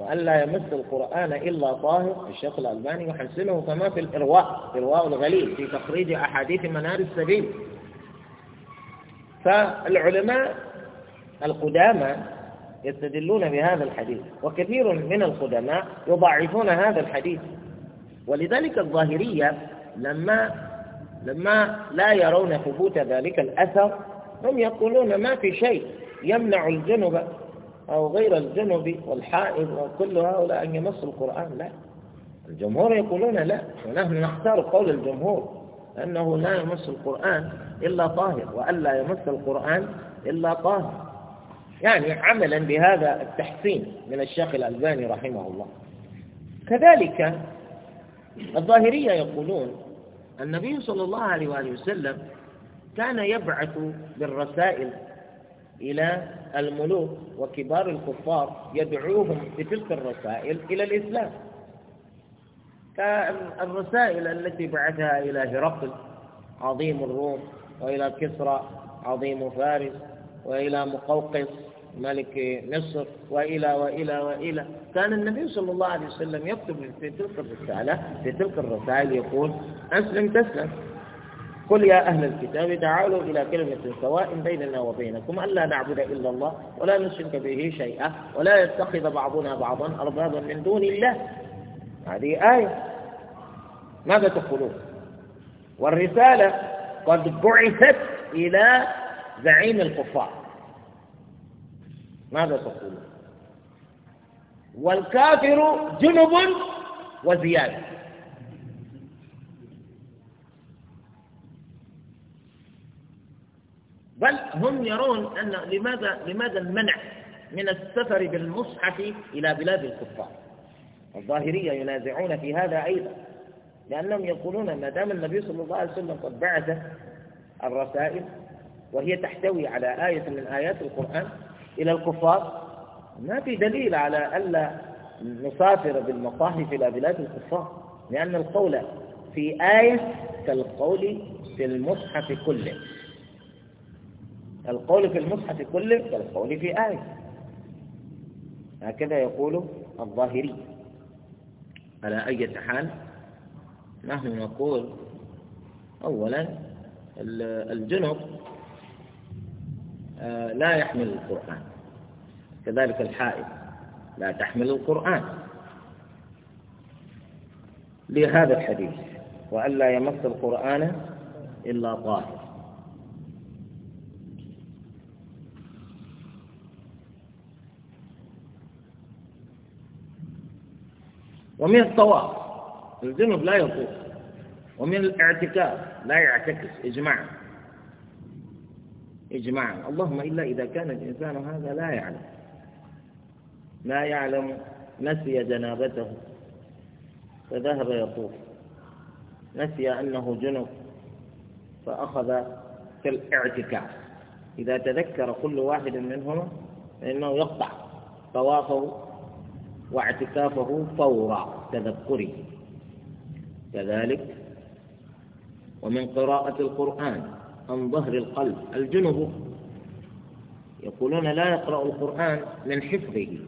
[SPEAKER 2] وأن لا يمس القرآن إلا طاهر الشيخ الألباني يحسنه كما في الإرواء إرواء الغليل في تخريج أحاديث منار السبيل فالعلماء القدامى يستدلون بهذا الحديث وكثير من القدماء يضعفون هذا الحديث ولذلك الظاهرية لما لما لا يرون ثبوت ذلك الأثر هم يقولون ما في شيء يمنع الجنب أو غير الجنب والحائض وكل هؤلاء أن يمسوا القرآن لا الجمهور يقولون لا ونحن نختار قول الجمهور أنه لا يمس القرآن إلا طاهر وأن لا يمس القرآن إلا طاهر يعني عملا بهذا التحسين من الشيخ الألباني رحمه الله كذلك الظاهرية يقولون النبي صلى الله عليه وآله وسلم كان يبعث بالرسائل إلى الملوك وكبار الكفار يدعوهم بتلك الرسائل إلى الإسلام كالرسائل التي بعثها إلى هرقل عظيم الروم وإلى كسرى عظيم فارس وإلى مقوقس ملك مصر وإلى وإلى وإلى كان النبي صلى الله عليه وسلم يكتب في تلك الرسالة في تلك الرسائل يقول أسلم تسلم قل يا أهل الكتاب تعالوا إلى كلمة سواء بيننا وبينكم ألا نعبد إلا الله ولا نشرك به شيئا ولا يتخذ بعضنا بعضا أربابا من دون الله هذه آية ماذا تقولون والرسالة قد بعثت إلى زعيم الكفار ماذا تقولون والكافر جنب وزيادة بل هم يرون أن لماذا لماذا المنع من السفر بالمصحف إلى بلاد الكفار الظاهرية ينازعون في هذا أيضا لأنهم يقولون ما دام النبي صلى الله عليه وسلم قد بعث الرسائل وهي تحتوي على آية من آيات القرآن إلى الكفار ما في دليل على ألا نسافر بالمصاحف إلى بلاد الكفار لأن القول في آية كالقول في المصحف كله القول في المصحف كله كالقول في آية هكذا يقول الظاهري على أي حال نحن نقول أولا الجنب آه، لا يحمل القرآن كذلك الحائط لا تحمل القرآن لهذا الحديث وألا يمس القرآن إلا طاهر ومن الطواف الجنب لا يطوف ومن الاعتكاف لا يعتكف إجماعا إجماعا اللهم إلا إذا كان الإنسان هذا لا يعلم لا يعلم نسي جنابته فذهب يطوف نسي أنه جنب فأخذ كالاعتكاف إذا تذكر كل واحد منهما فإنه يقطع طوافه واعتكافه فور تذكره كذلك ومن قراءة القرآن عن ظهر القلب الجنب يقولون لا يقرأ القرآن من حفظه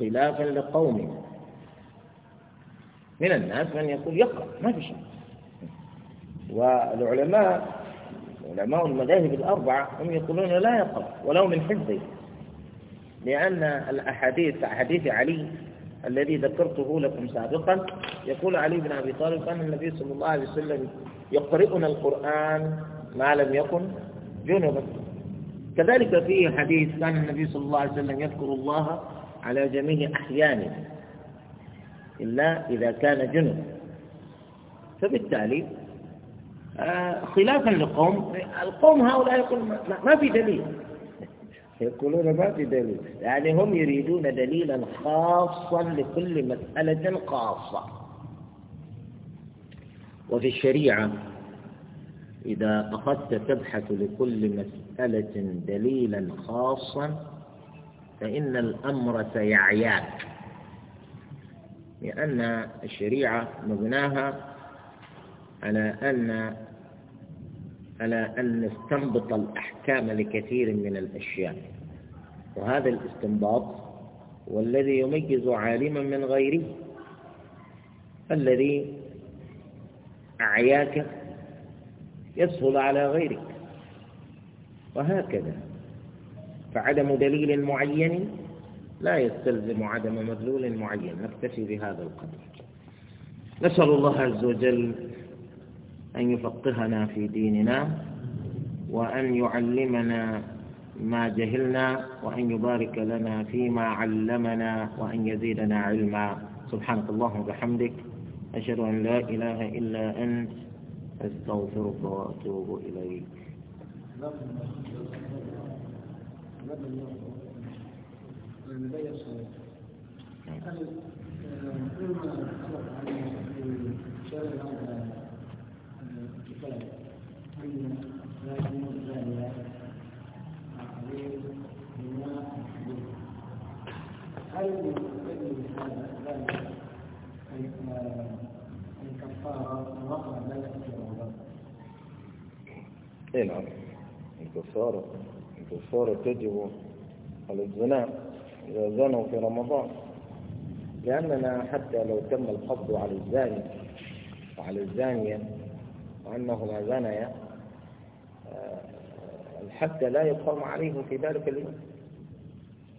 [SPEAKER 2] خلافا لقوم من الناس من يقول يقرأ ما في شيء والعلماء علماء المذاهب الأربعة هم يقولون لا يقرأ ولو من حفظه لأن الأحاديث حديث علي الذي ذكرته لكم سابقا يقول علي بن أبي طالب كان النبي صلى الله عليه وسلم يقرئنا القرآن ما لم يكن جنبا كذلك في حديث كان النبي صلى الله عليه وسلم يذكر الله على جميع أحيانه إلا إذا كان جنبا فبالتالي آه، خلافا لقوم القوم هؤلاء يقول ما في دليل يقولون ما في دليل يعني هم يريدون دليلا خاصا لكل مسألة خاصة وفي الشريعة إذا أخذت تبحث لكل مسألة دليلا خاصا فإن الأمر سيعياك لأن الشريعة مبناها على أن على أن نستنبط الأحكام لكثير من الأشياء وهذا الاستنباط هو الذي يميز عالما من غيره الذي أعياك يسهل على غيرك وهكذا فعدم دليل معين لا يستلزم عدم مدلول معين نكتفي بهذا القدر نسأل الله عز وجل أن يفقهنا في ديننا وأن يعلمنا ما جهلنا وأن يبارك لنا فيما علمنا وأن يزيدنا علما سبحانك اللهم وبحمدك أشهد أن لا إله إلا أنت أستغفرك وأتوب إليك
[SPEAKER 1] هل أن الزانية هل الكفارة وقع
[SPEAKER 3] ذلك في نعم الكفارة
[SPEAKER 2] الكفارة تجب على الزنا إذا زنوا في رمضان لأننا حتى لو تم القبض على الزاني وعلى الزانية وأنهما زنيا آه، الحد لا يقام عليهم في ذلك اليوم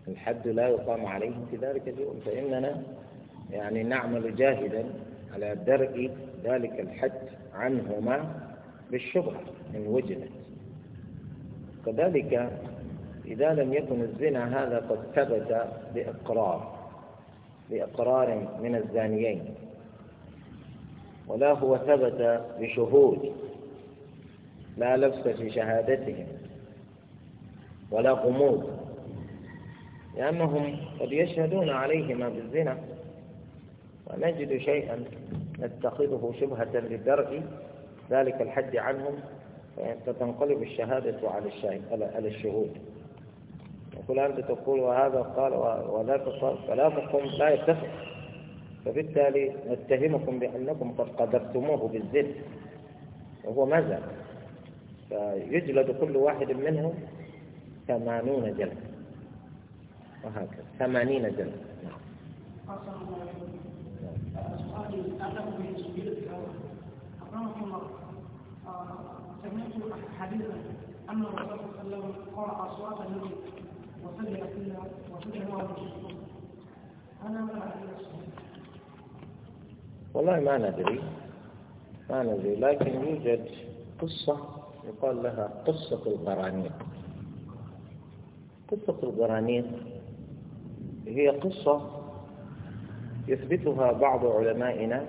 [SPEAKER 2] الحد لا يقام عليهم في ذلك اليوم فإننا يعني نعمل جاهدا على درء ذلك الحد عنهما بالشبهة إن وجدت كذلك إذا لم يكن الزنا هذا قد ثبت بإقرار بإقرار من الزانيين ولا هو ثبت بشهود لا لبس في شهادتهم ولا قمود لأنهم قد يشهدون عليهما بالزنا ونجد شيئا نتخذه شبهة للدرء ذلك الحد عنهم فتنقلب الشهادة على على الشهود يقول أنت تقول وهذا قال ولا تقول فلا تقوم لا يتفق فبالتالي نتهمكم بأنكم قد قذفتموه بالزد وهو ماذا فيجلد كل واحد منهم ثمانون جلد وهكذا ثمانين جلد
[SPEAKER 1] نعم
[SPEAKER 3] سمعت حديثا أن الرسول صلى الله عليه وسلم قرأ أصوات النبي وسجد فيها وسجد هو المشركون أنا ما أعرف
[SPEAKER 2] والله ما ندري ما ندري لكن يوجد قصة يقال لها قصة القرانيق قصة القرانيق هي قصة يثبتها بعض علمائنا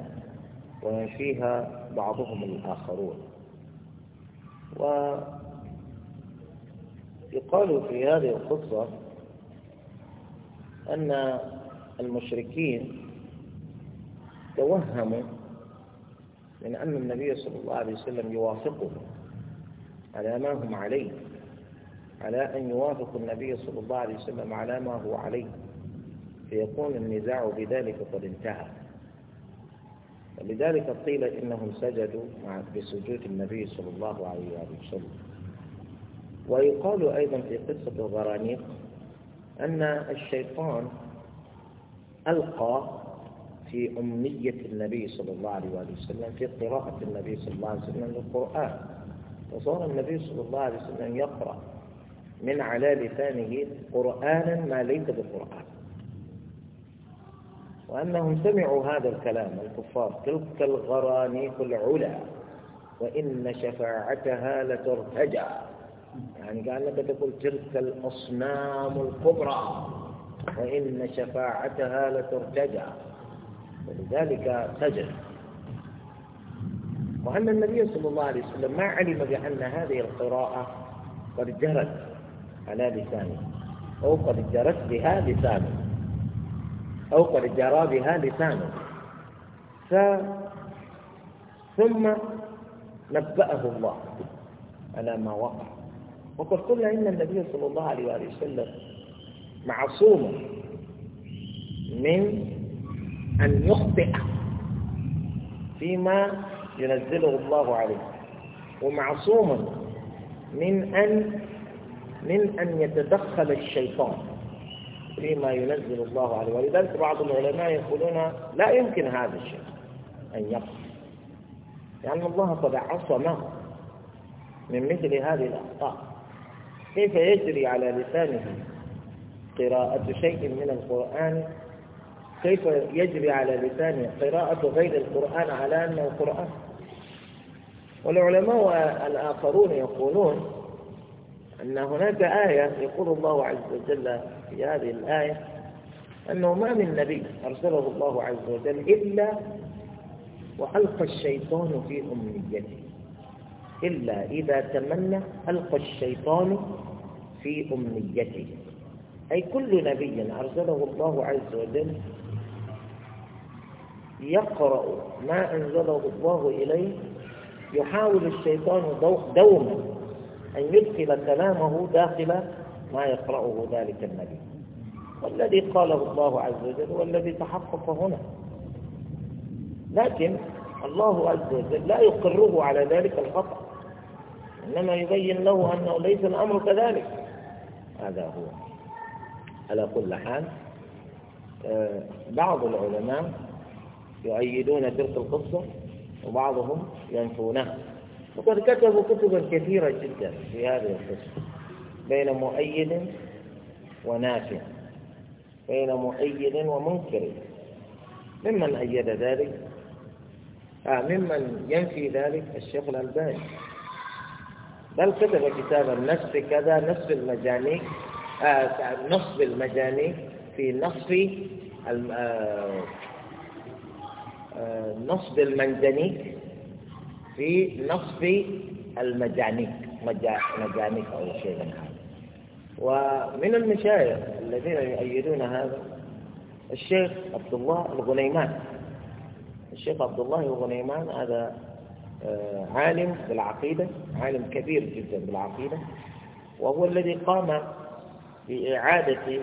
[SPEAKER 2] وينفيها بعضهم الآخرون ويقال في هذه القصة أن المشركين توهموا من أن النبي صلى الله عليه وسلم يوافقهم على ما هم عليه على أن يوافق النبي صلى الله عليه وسلم على ما هو عليه فيكون النزاع بذلك قد انتهى ولذلك قيل إنهم سجدوا بسجود النبي صلى الله عليه وسلم ويقال أيضا في قصة الغرانيق أن الشيطان ألقى في أمنية النبي صلى الله عليه وسلم في قراءة النبي صلى الله عليه وسلم للقرآن وصار النبي صلى الله عليه وسلم يقرأ من على لسانه قرآنا ما ليس بالقرآن وأنهم سمعوا هذا الكلام الكفار تلك الغرانيق العلا وإن شفاعتها لترتجى يعني قال لك تقول تلك الأصنام الكبرى وإن شفاعتها لترتجى ولذلك سجد وأن النبي صلى الله عليه وسلم ما علم بأن هذه القراءة قد جرت على لسانه أو قد جرت بها لسانه أو قد جرى بها لسانه ف ثم نبأه الله على ما وقع وقد قلنا إن النبي صلى الله عليه وآله وسلم معصوم من أن يخطئ فيما ينزله الله عليه ومعصوم من أن من أن يتدخل الشيطان فيما ينزل الله عليه ولذلك بعض العلماء يقولون لا يمكن هذا الشيء أن يقص لأن الله قد عصمه من مثل هذه الأخطاء كيف يجري على لسانه قراءة شيء من القرآن كيف يجري على لسانه قراءة غير القرآن على أنه قرآن والعلماء الآخرون يقولون أن هناك آية يقول الله عز وجل في هذه الآية أنه ما من نبي أرسله الله عز وجل إلا وألقى الشيطان في أمنيته إلا إذا تمنى ألقى الشيطان في أمنيته أي كل نبي أرسله الله عز وجل يقرأ ما أنزله الله إليه يحاول الشيطان دوما أن يدخل كلامه داخل ما يقرأه ذلك النبي والذي قاله الله عز وجل والذي تحقق هنا لكن الله عز وجل لا يقره على ذلك الخطأ إنما يبين له أنه ليس الأمر كذلك هذا هو على كل حال آه، بعض العلماء يؤيدون تلك القصة وبعضهم ينفونها وقد كتبوا كتبا كثيرة جدا في هذه القصة بين مؤيد ونافع بين مؤيد ومنكر ممن أيد ذلك آه ممن ينفي ذلك الشيخ الألباني بل كتب كتابا نصف كذا نصف المجاني آه نصف المجاني في نصف آه، نصب المنجنيك في نصب المجانيك مجانيك أو شيء من هذا ومن المشايخ الذين يؤيدون هذا الشيخ عبد الله الغنيمان الشيخ عبد الله الغنيمان هذا آه، عالم بالعقيدة عالم كبير جدا بالعقيدة وهو الذي قام بإعادة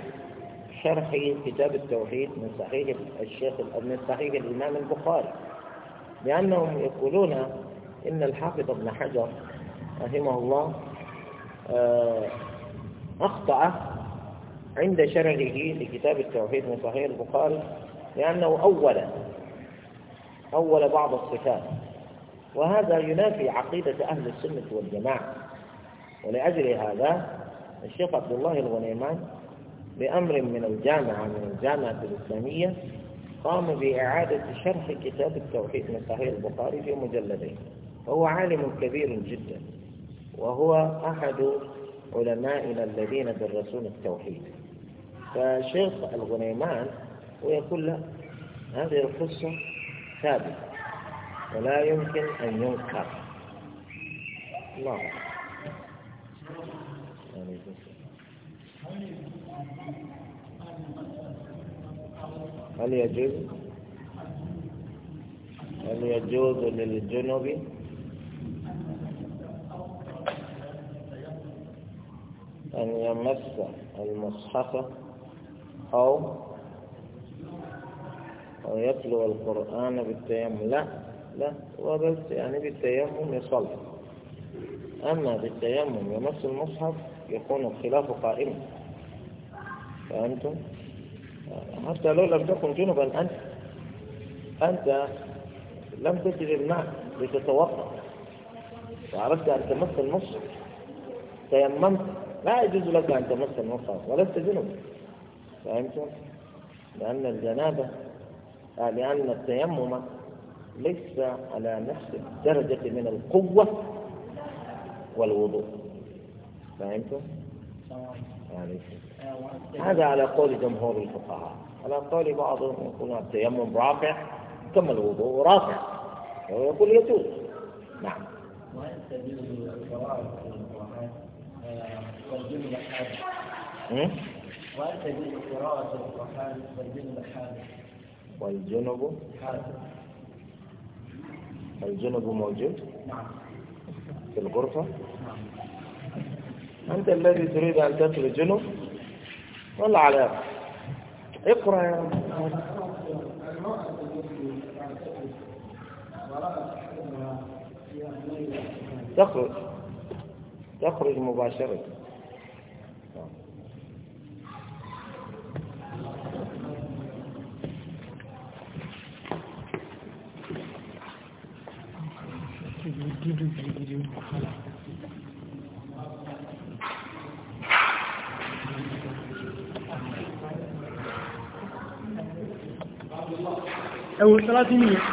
[SPEAKER 2] شرح كتاب التوحيد من صحيح الشيخ من صحيح الإمام البخاري لأنهم يقولون إن الحافظ ابن حجر رحمه الله آه، أخطأ عند شرحه لكتاب التوحيد من صحيح البخاري لأنه أول أول بعض الصفات وهذا ينافي عقيدة أهل السنة والجماعة ولأجل هذا الشيخ عبد الله الغنيمان بأمر من الجامعة من الجامعة الإسلامية قام بإعادة شرح كتاب التوحيد من صحيح البخاري في مجلدين هو عالم كبير جدا وهو أحد علمائنا الذين درسون التوحيد فشيخ الغنيمان ويقول له هذه القصة ثابتة ولا يمكن أن ينكر الله
[SPEAKER 3] يعني هل يجوز
[SPEAKER 2] هل يجوز للجنوب أن يمس المصحف أو أو يتلو القرآن بالتيمم لا لا وبس يعني بالتيمم يصلي أما بالتيمم يمس المصحف يكون الخلاف قائما فهمتم حتى لو لم تكن جنبا أنت أنت لم تجد الماء لتتوقع وعرفت أن تمس النص تيممت لا يجوز لك أن تمس النص ولست جنبا فهمتم؟ لأن الجنابة آه، لأن التيمم ليس على نفس الدرجة من القوة والوضوء فهمتم؟ عليكم
[SPEAKER 3] هذا على قول
[SPEAKER 2] جمهور الفقهاء على قول بعضهم يقول التيمم رافع كما الوضوء رافع ويقول يجوز نعم
[SPEAKER 1] آه، والجنب تجوز القرآن حاجة قراءة القرآن
[SPEAKER 2] والجنب الجنب موجود
[SPEAKER 1] نعم في الغرفة نعم أنت الذي تريد أن
[SPEAKER 2] تدخل الجنب ولا على
[SPEAKER 1] اقرأ يا تخرج
[SPEAKER 2] تخرج مباشرة
[SPEAKER 3] Thank you. ẹwọ sọ́lá sí nìyẹn